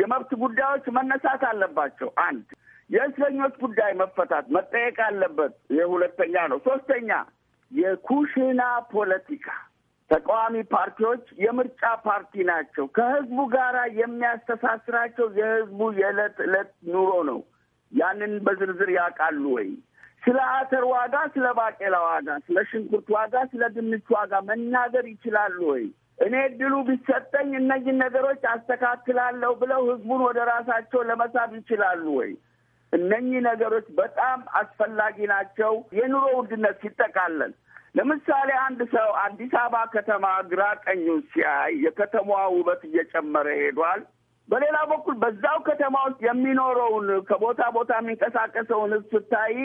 የመብት ጉዳዮች መነሳት አለባቸው። አንድ የእስረኞች ጉዳይ መፈታት መጠየቅ አለበት። የሁለተኛ ነው። ሶስተኛ የኩሽና ፖለቲካ ተቃዋሚ ፓርቲዎች የምርጫ ፓርቲ ናቸው። ከህዝቡ ጋር የሚያስተሳስራቸው የህዝቡ የዕለት ዕለት ኑሮ ነው። ያንን በዝርዝር ያውቃሉ ወይ? ስለ አተር ዋጋ፣ ስለ ባቄላ ዋጋ፣ ስለ ሽንኩርት ዋጋ፣ ስለ ድንች ዋጋ መናገር ይችላሉ ወይ? እኔ እድሉ ቢሰጠኝ እነዚህን ነገሮች አስተካክላለሁ ብለው ህዝቡን ወደ ራሳቸው ለመሳብ ይችላሉ ወይ? እነኚህ ነገሮች በጣም አስፈላጊ ናቸው። የኑሮ ውድነት ሲጠቃለል ለምሳሌ አንድ ሰው አዲስ አበባ ከተማ ግራ ቀኙን ሲያይ የከተማዋ ውበት እየጨመረ ሄዷል። በሌላ በኩል በዛው ከተማ ውስጥ የሚኖረውን ከቦታ ቦታ የሚንቀሳቀሰውን ህዝብ ስታይ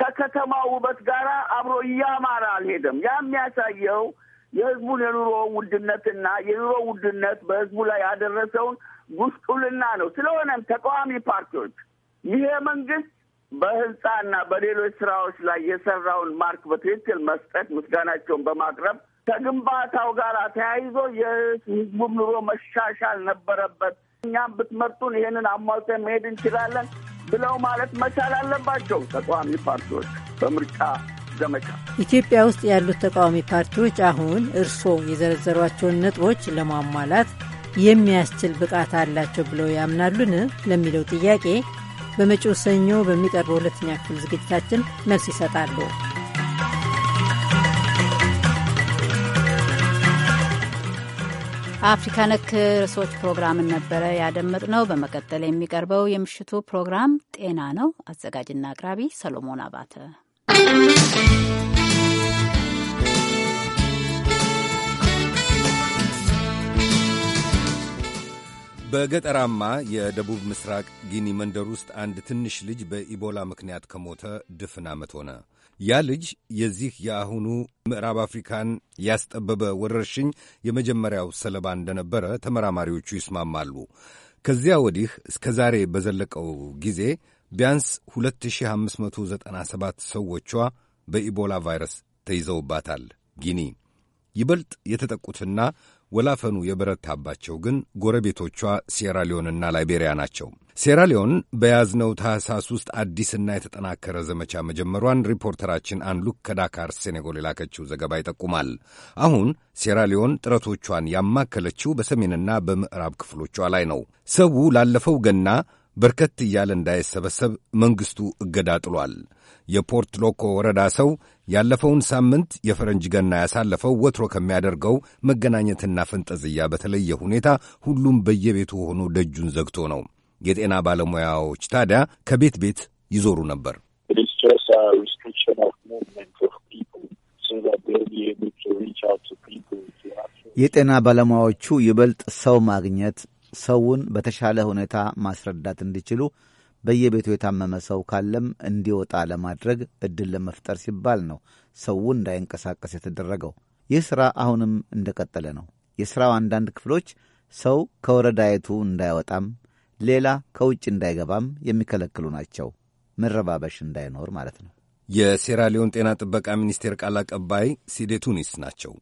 ከከተማ ውበት ጋር አብሮ እያማረ አልሄደም። ያ የሚያሳየው የህዝቡን የኑሮ ውድነትና የኑሮ ውድነት በህዝቡ ላይ ያደረሰውን ጉስቁልና ነው። ስለሆነም ተቃዋሚ ፓርቲዎች ይሄ መንግስት በህንፃና በሌሎች ስራዎች ላይ የሰራውን ማርክ በትክክል መስጠት፣ ምስጋናቸውን በማቅረብ ከግንባታው ጋር ተያይዞ የህዝቡ ኑሮ መሻሻል ነበረበት። እኛም ብትመርጡን ይህንን አሟልተን መሄድ እንችላለን ብለው ማለት መቻል አለባቸው ተቃዋሚ ፓርቲዎች በምርጫ ዘመቻ። ኢትዮጵያ ውስጥ ያሉት ተቃዋሚ ፓርቲዎች አሁን እርስዎ የዘረዘሯቸውን ነጥቦች ለማሟላት የሚያስችል ብቃት አላቸው ብለው ያምናሉን ለሚለው ጥያቄ በመጪው ሰኞ በሚቀርበው ሁለተኛ ክፍል ዝግጅታችን መልስ ይሰጣሉ። አፍሪካ ነክ ርዕሶች ፕሮግራምን ነበረ ያደመጥነው። በመቀጠል የሚቀርበው የምሽቱ ፕሮግራም ጤና ነው። አዘጋጅና አቅራቢ ሰሎሞን አባተ በገጠራማ የደቡብ ምስራቅ ጊኒ መንደር ውስጥ አንድ ትንሽ ልጅ በኢቦላ ምክንያት ከሞተ ድፍን ዓመት ሆነ። ያ ልጅ የዚህ የአሁኑ ምዕራብ አፍሪካን ያስጠበበ ወረርሽኝ የመጀመሪያው ሰለባ እንደነበረ ተመራማሪዎቹ ይስማማሉ። ከዚያ ወዲህ እስከ ዛሬ በዘለቀው ጊዜ ቢያንስ 2597 ሰዎቿ በኢቦላ ቫይረስ ተይዘውባታል ጊኒ ይበልጥ የተጠቁትና ወላፈኑ የበረታባቸው ግን ጎረቤቶቿ ሴራሊዮንና ላይቤሪያ ናቸው። ሴራሊዮን በያዝነው ታህሳስ ውስጥ አዲስና የተጠናከረ ዘመቻ መጀመሯን ሪፖርተራችን አንሉክ ከዳካር ሴኔጎል የላከችው ዘገባ ይጠቁማል። አሁን ሴራሊዮን ጥረቶቿን ያማከለችው በሰሜንና በምዕራብ ክፍሎቿ ላይ ነው። ሰው ላለፈው ገና በርከት እያለ እንዳይሰበሰብ መንግሥቱ እገዳ ጥሏል። የፖርት ሎኮ ወረዳ ሰው ያለፈውን ሳምንት የፈረንጅ ገና ያሳለፈው ወትሮ ከሚያደርገው መገናኘትና ፈንጠዝያ በተለየ ሁኔታ ሁሉም በየቤቱ ሆኖ ደጁን ዘግቶ ነው። የጤና ባለሙያዎች ታዲያ ከቤት ቤት ይዞሩ ነበር። የጤና ባለሙያዎቹ ይበልጥ ሰው ማግኘት ሰውን በተሻለ ሁኔታ ማስረዳት እንዲችሉ በየቤቱ የታመመ ሰው ካለም እንዲወጣ ለማድረግ እድል ለመፍጠር ሲባል ነው ሰው እንዳይንቀሳቀስ የተደረገው። ይህ ሥራ አሁንም እንደቀጠለ ነው። የሥራው አንዳንድ ክፍሎች ሰው ከወረዳይቱ እንዳይወጣም ሌላ ከውጭ እንዳይገባም የሚከለክሉ ናቸው። መረባበሽ እንዳይኖር ማለት ነው። የሴራሊዮን ጤና ጥበቃ ሚኒስቴር ቃል አቀባይ ሲዴቱኒስ ናቸው።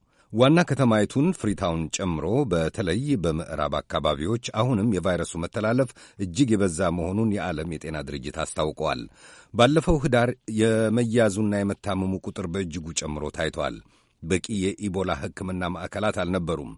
ዋና ከተማይቱን ፍሪታውን ጨምሮ በተለይ በምዕራብ አካባቢዎች አሁንም የቫይረሱ መተላለፍ እጅግ የበዛ መሆኑን የዓለም የጤና ድርጅት አስታውቀዋል። ባለፈው ኅዳር የመያዙና የመታመሙ ቁጥር በእጅጉ ጨምሮ ታይቷል። በቂ የኢቦላ ሕክምና ማዕከላት አልነበሩም።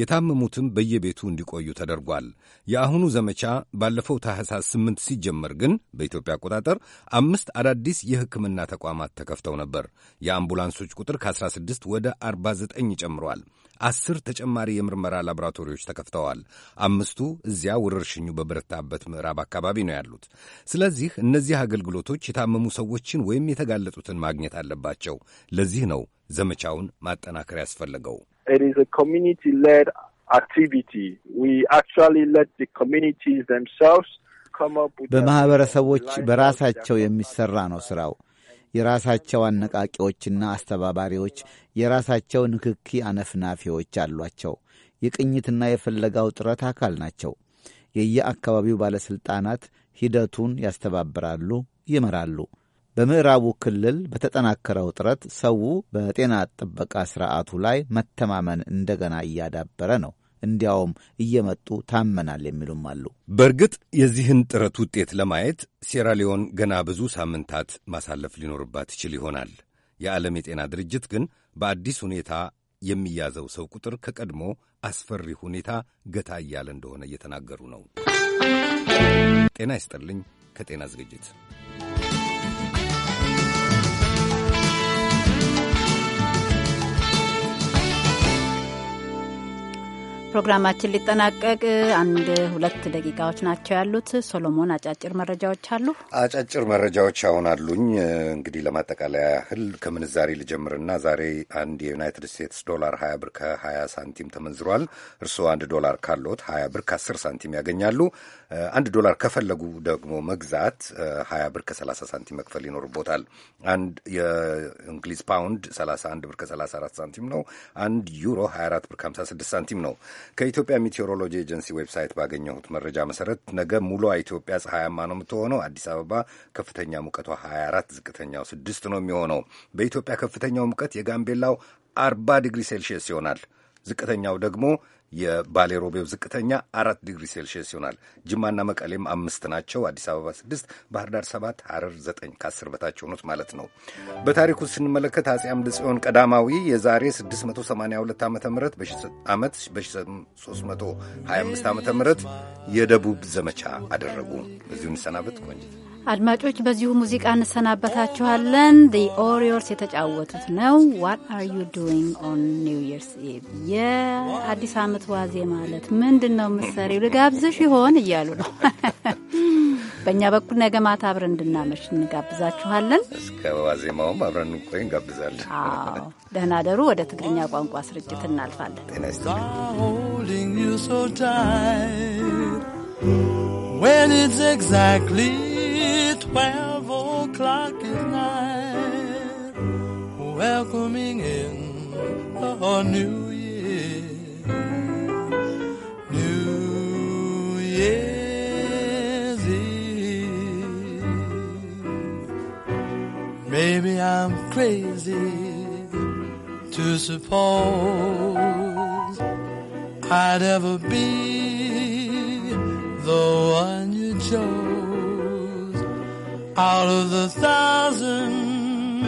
የታመሙትም በየቤቱ እንዲቆዩ ተደርጓል። የአሁኑ ዘመቻ ባለፈው ታህሳስ ስምንት ሲጀመር ግን በኢትዮጵያ አቆጣጠር አምስት አዳዲስ የሕክምና ተቋማት ተከፍተው ነበር። የአምቡላንሶች ቁጥር ከ16 ወደ 49 ጨምሯል። አስር ተጨማሪ የምርመራ ላቦራቶሪዎች ተከፍተዋል። አምስቱ እዚያ ወረርሽኙ በበረታበት ምዕራብ አካባቢ ነው ያሉት። ስለዚህ እነዚህ አገልግሎቶች የታመሙ ሰዎችን ወይም የተጋለጡትን ማግኘት አለባቸው። ለዚህ ነው ዘመቻውን ማጠናከር ያስፈለገው። በማኅበረሰቦች በራሳቸው የሚሠራ ነው ሥራው። የራሳቸው አነቃቂዎችና አስተባባሪዎች፣ የራሳቸው ንክኪ አነፍናፊዎች አሏቸው። የቅኝትና የፍለጋው ጥረት አካል ናቸው። የየአካባቢው ባለሥልጣናት ሂደቱን ያስተባብራሉ፣ ይመራሉ። በምዕራቡ ክልል በተጠናከረው ጥረት ሰው በጤና ጥበቃ ሥርዓቱ ላይ መተማመን እንደገና እያዳበረ ነው። እንዲያውም እየመጡ ታመናል የሚሉም አሉ። በእርግጥ የዚህን ጥረት ውጤት ለማየት ሴራሊዮን ገና ብዙ ሳምንታት ማሳለፍ ሊኖርባት ይችል ይሆናል። የዓለም የጤና ድርጅት ግን በአዲስ ሁኔታ የሚያዘው ሰው ቁጥር ከቀድሞ አስፈሪ ሁኔታ ገታ እያለ እንደሆነ እየተናገሩ ነው። ጤና ይስጥልኝ። ከጤና ዝግጅት ፕሮግራማችን ሊጠናቀቅ አንድ ሁለት ደቂቃዎች ናቸው ያሉት። ሶሎሞን አጫጭር መረጃዎች አሉ። አጫጭር መረጃዎች አሁን አሉኝ። እንግዲህ ለማጠቃለያ ያህል ከምንዛሬ ልጀምርና ዛሬ አንድ የዩናይትድ ስቴትስ ዶላር 20 ብር ከ20 ሳንቲም ተመንዝሯል። እርስዎ አንድ ዶላር ካሎት 20 ብር ከ10 ሳንቲም ያገኛሉ። አንድ ዶላር ከፈለጉ ደግሞ መግዛት ሀያ ብር ከሰላሳ ሳንቲም መክፈል ይኖርቦታል። አንድ የእንግሊዝ ፓውንድ ሰላሳ አንድ ብር ከሰላሳ አራት ሳንቲም ነው። አንድ ዩሮ ሀያ አራት ብር ከሀምሳ ስድስት ሳንቲም ነው። ከኢትዮጵያ ሜቴዎሮሎጂ ኤጀንሲ ዌብሳይት ባገኘሁት መረጃ መሰረት ነገ ሙሉ ኢትዮጵያ ፀሐያማ ነው የምትሆነው። አዲስ አበባ ከፍተኛ ሙቀቷ ሀያ አራት ዝቅተኛው ስድስት ነው የሚሆነው። በኢትዮጵያ ከፍተኛው ሙቀት የጋምቤላው አርባ ዲግሪ ሴልሺየስ ይሆናል። ዝቅተኛው ደግሞ የባሌ ሮቤው ዝቅተኛ አራት ዲግሪ ሴልሺየስ ይሆናል። ጅማና መቀሌም አምስት ናቸው። አዲስ አበባ ስድስት፣ ባህር ዳር ሰባት፣ ሐረር ዘጠኝ ከአስር በታች ሆኑት ማለት ነው። በታሪኩ ስንመለከት አጼ አምደ ጽዮን ቀዳማዊ የዛሬ 682 ዓ ም ዓመት በ325 ዓ ም የደቡብ ዘመቻ አደረጉ። በዚሁ እንሰናበት ቆንጅት አድማጮች በዚሁ ሙዚቃ እንሰናበታችኋለን። ዲ ኦሪዮርስ የተጫወቱት ነው ዋት አር ዩ ዱዊንግ ኦን ኒው ይርስ ኢቭ፣ የአዲስ አመት ዋዜ ማለት ምንድን ነው ምሰሪው? ልጋብዝሽ ይሆን እያሉ ነው። በእኛ በኩል ነገ ማታ አብረን እንድናመሽ እንጋብዛችኋለን። እስከ ዋዜማውም አብረን እንቆይ እንጋብዛለን። ደህና ደሩ። ወደ ትግርኛ ቋንቋ ስርጭት እናልፋለን። when it's exactly twelve o'clock at night, welcoming in a new year, New Year's Eve. Maybe I'm crazy to suppose I'd ever be the one you chose out of the thousand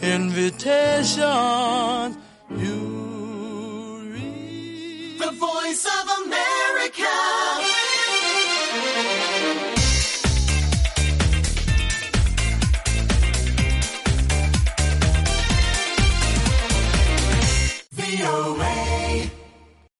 invitations you read. The voice of America. away.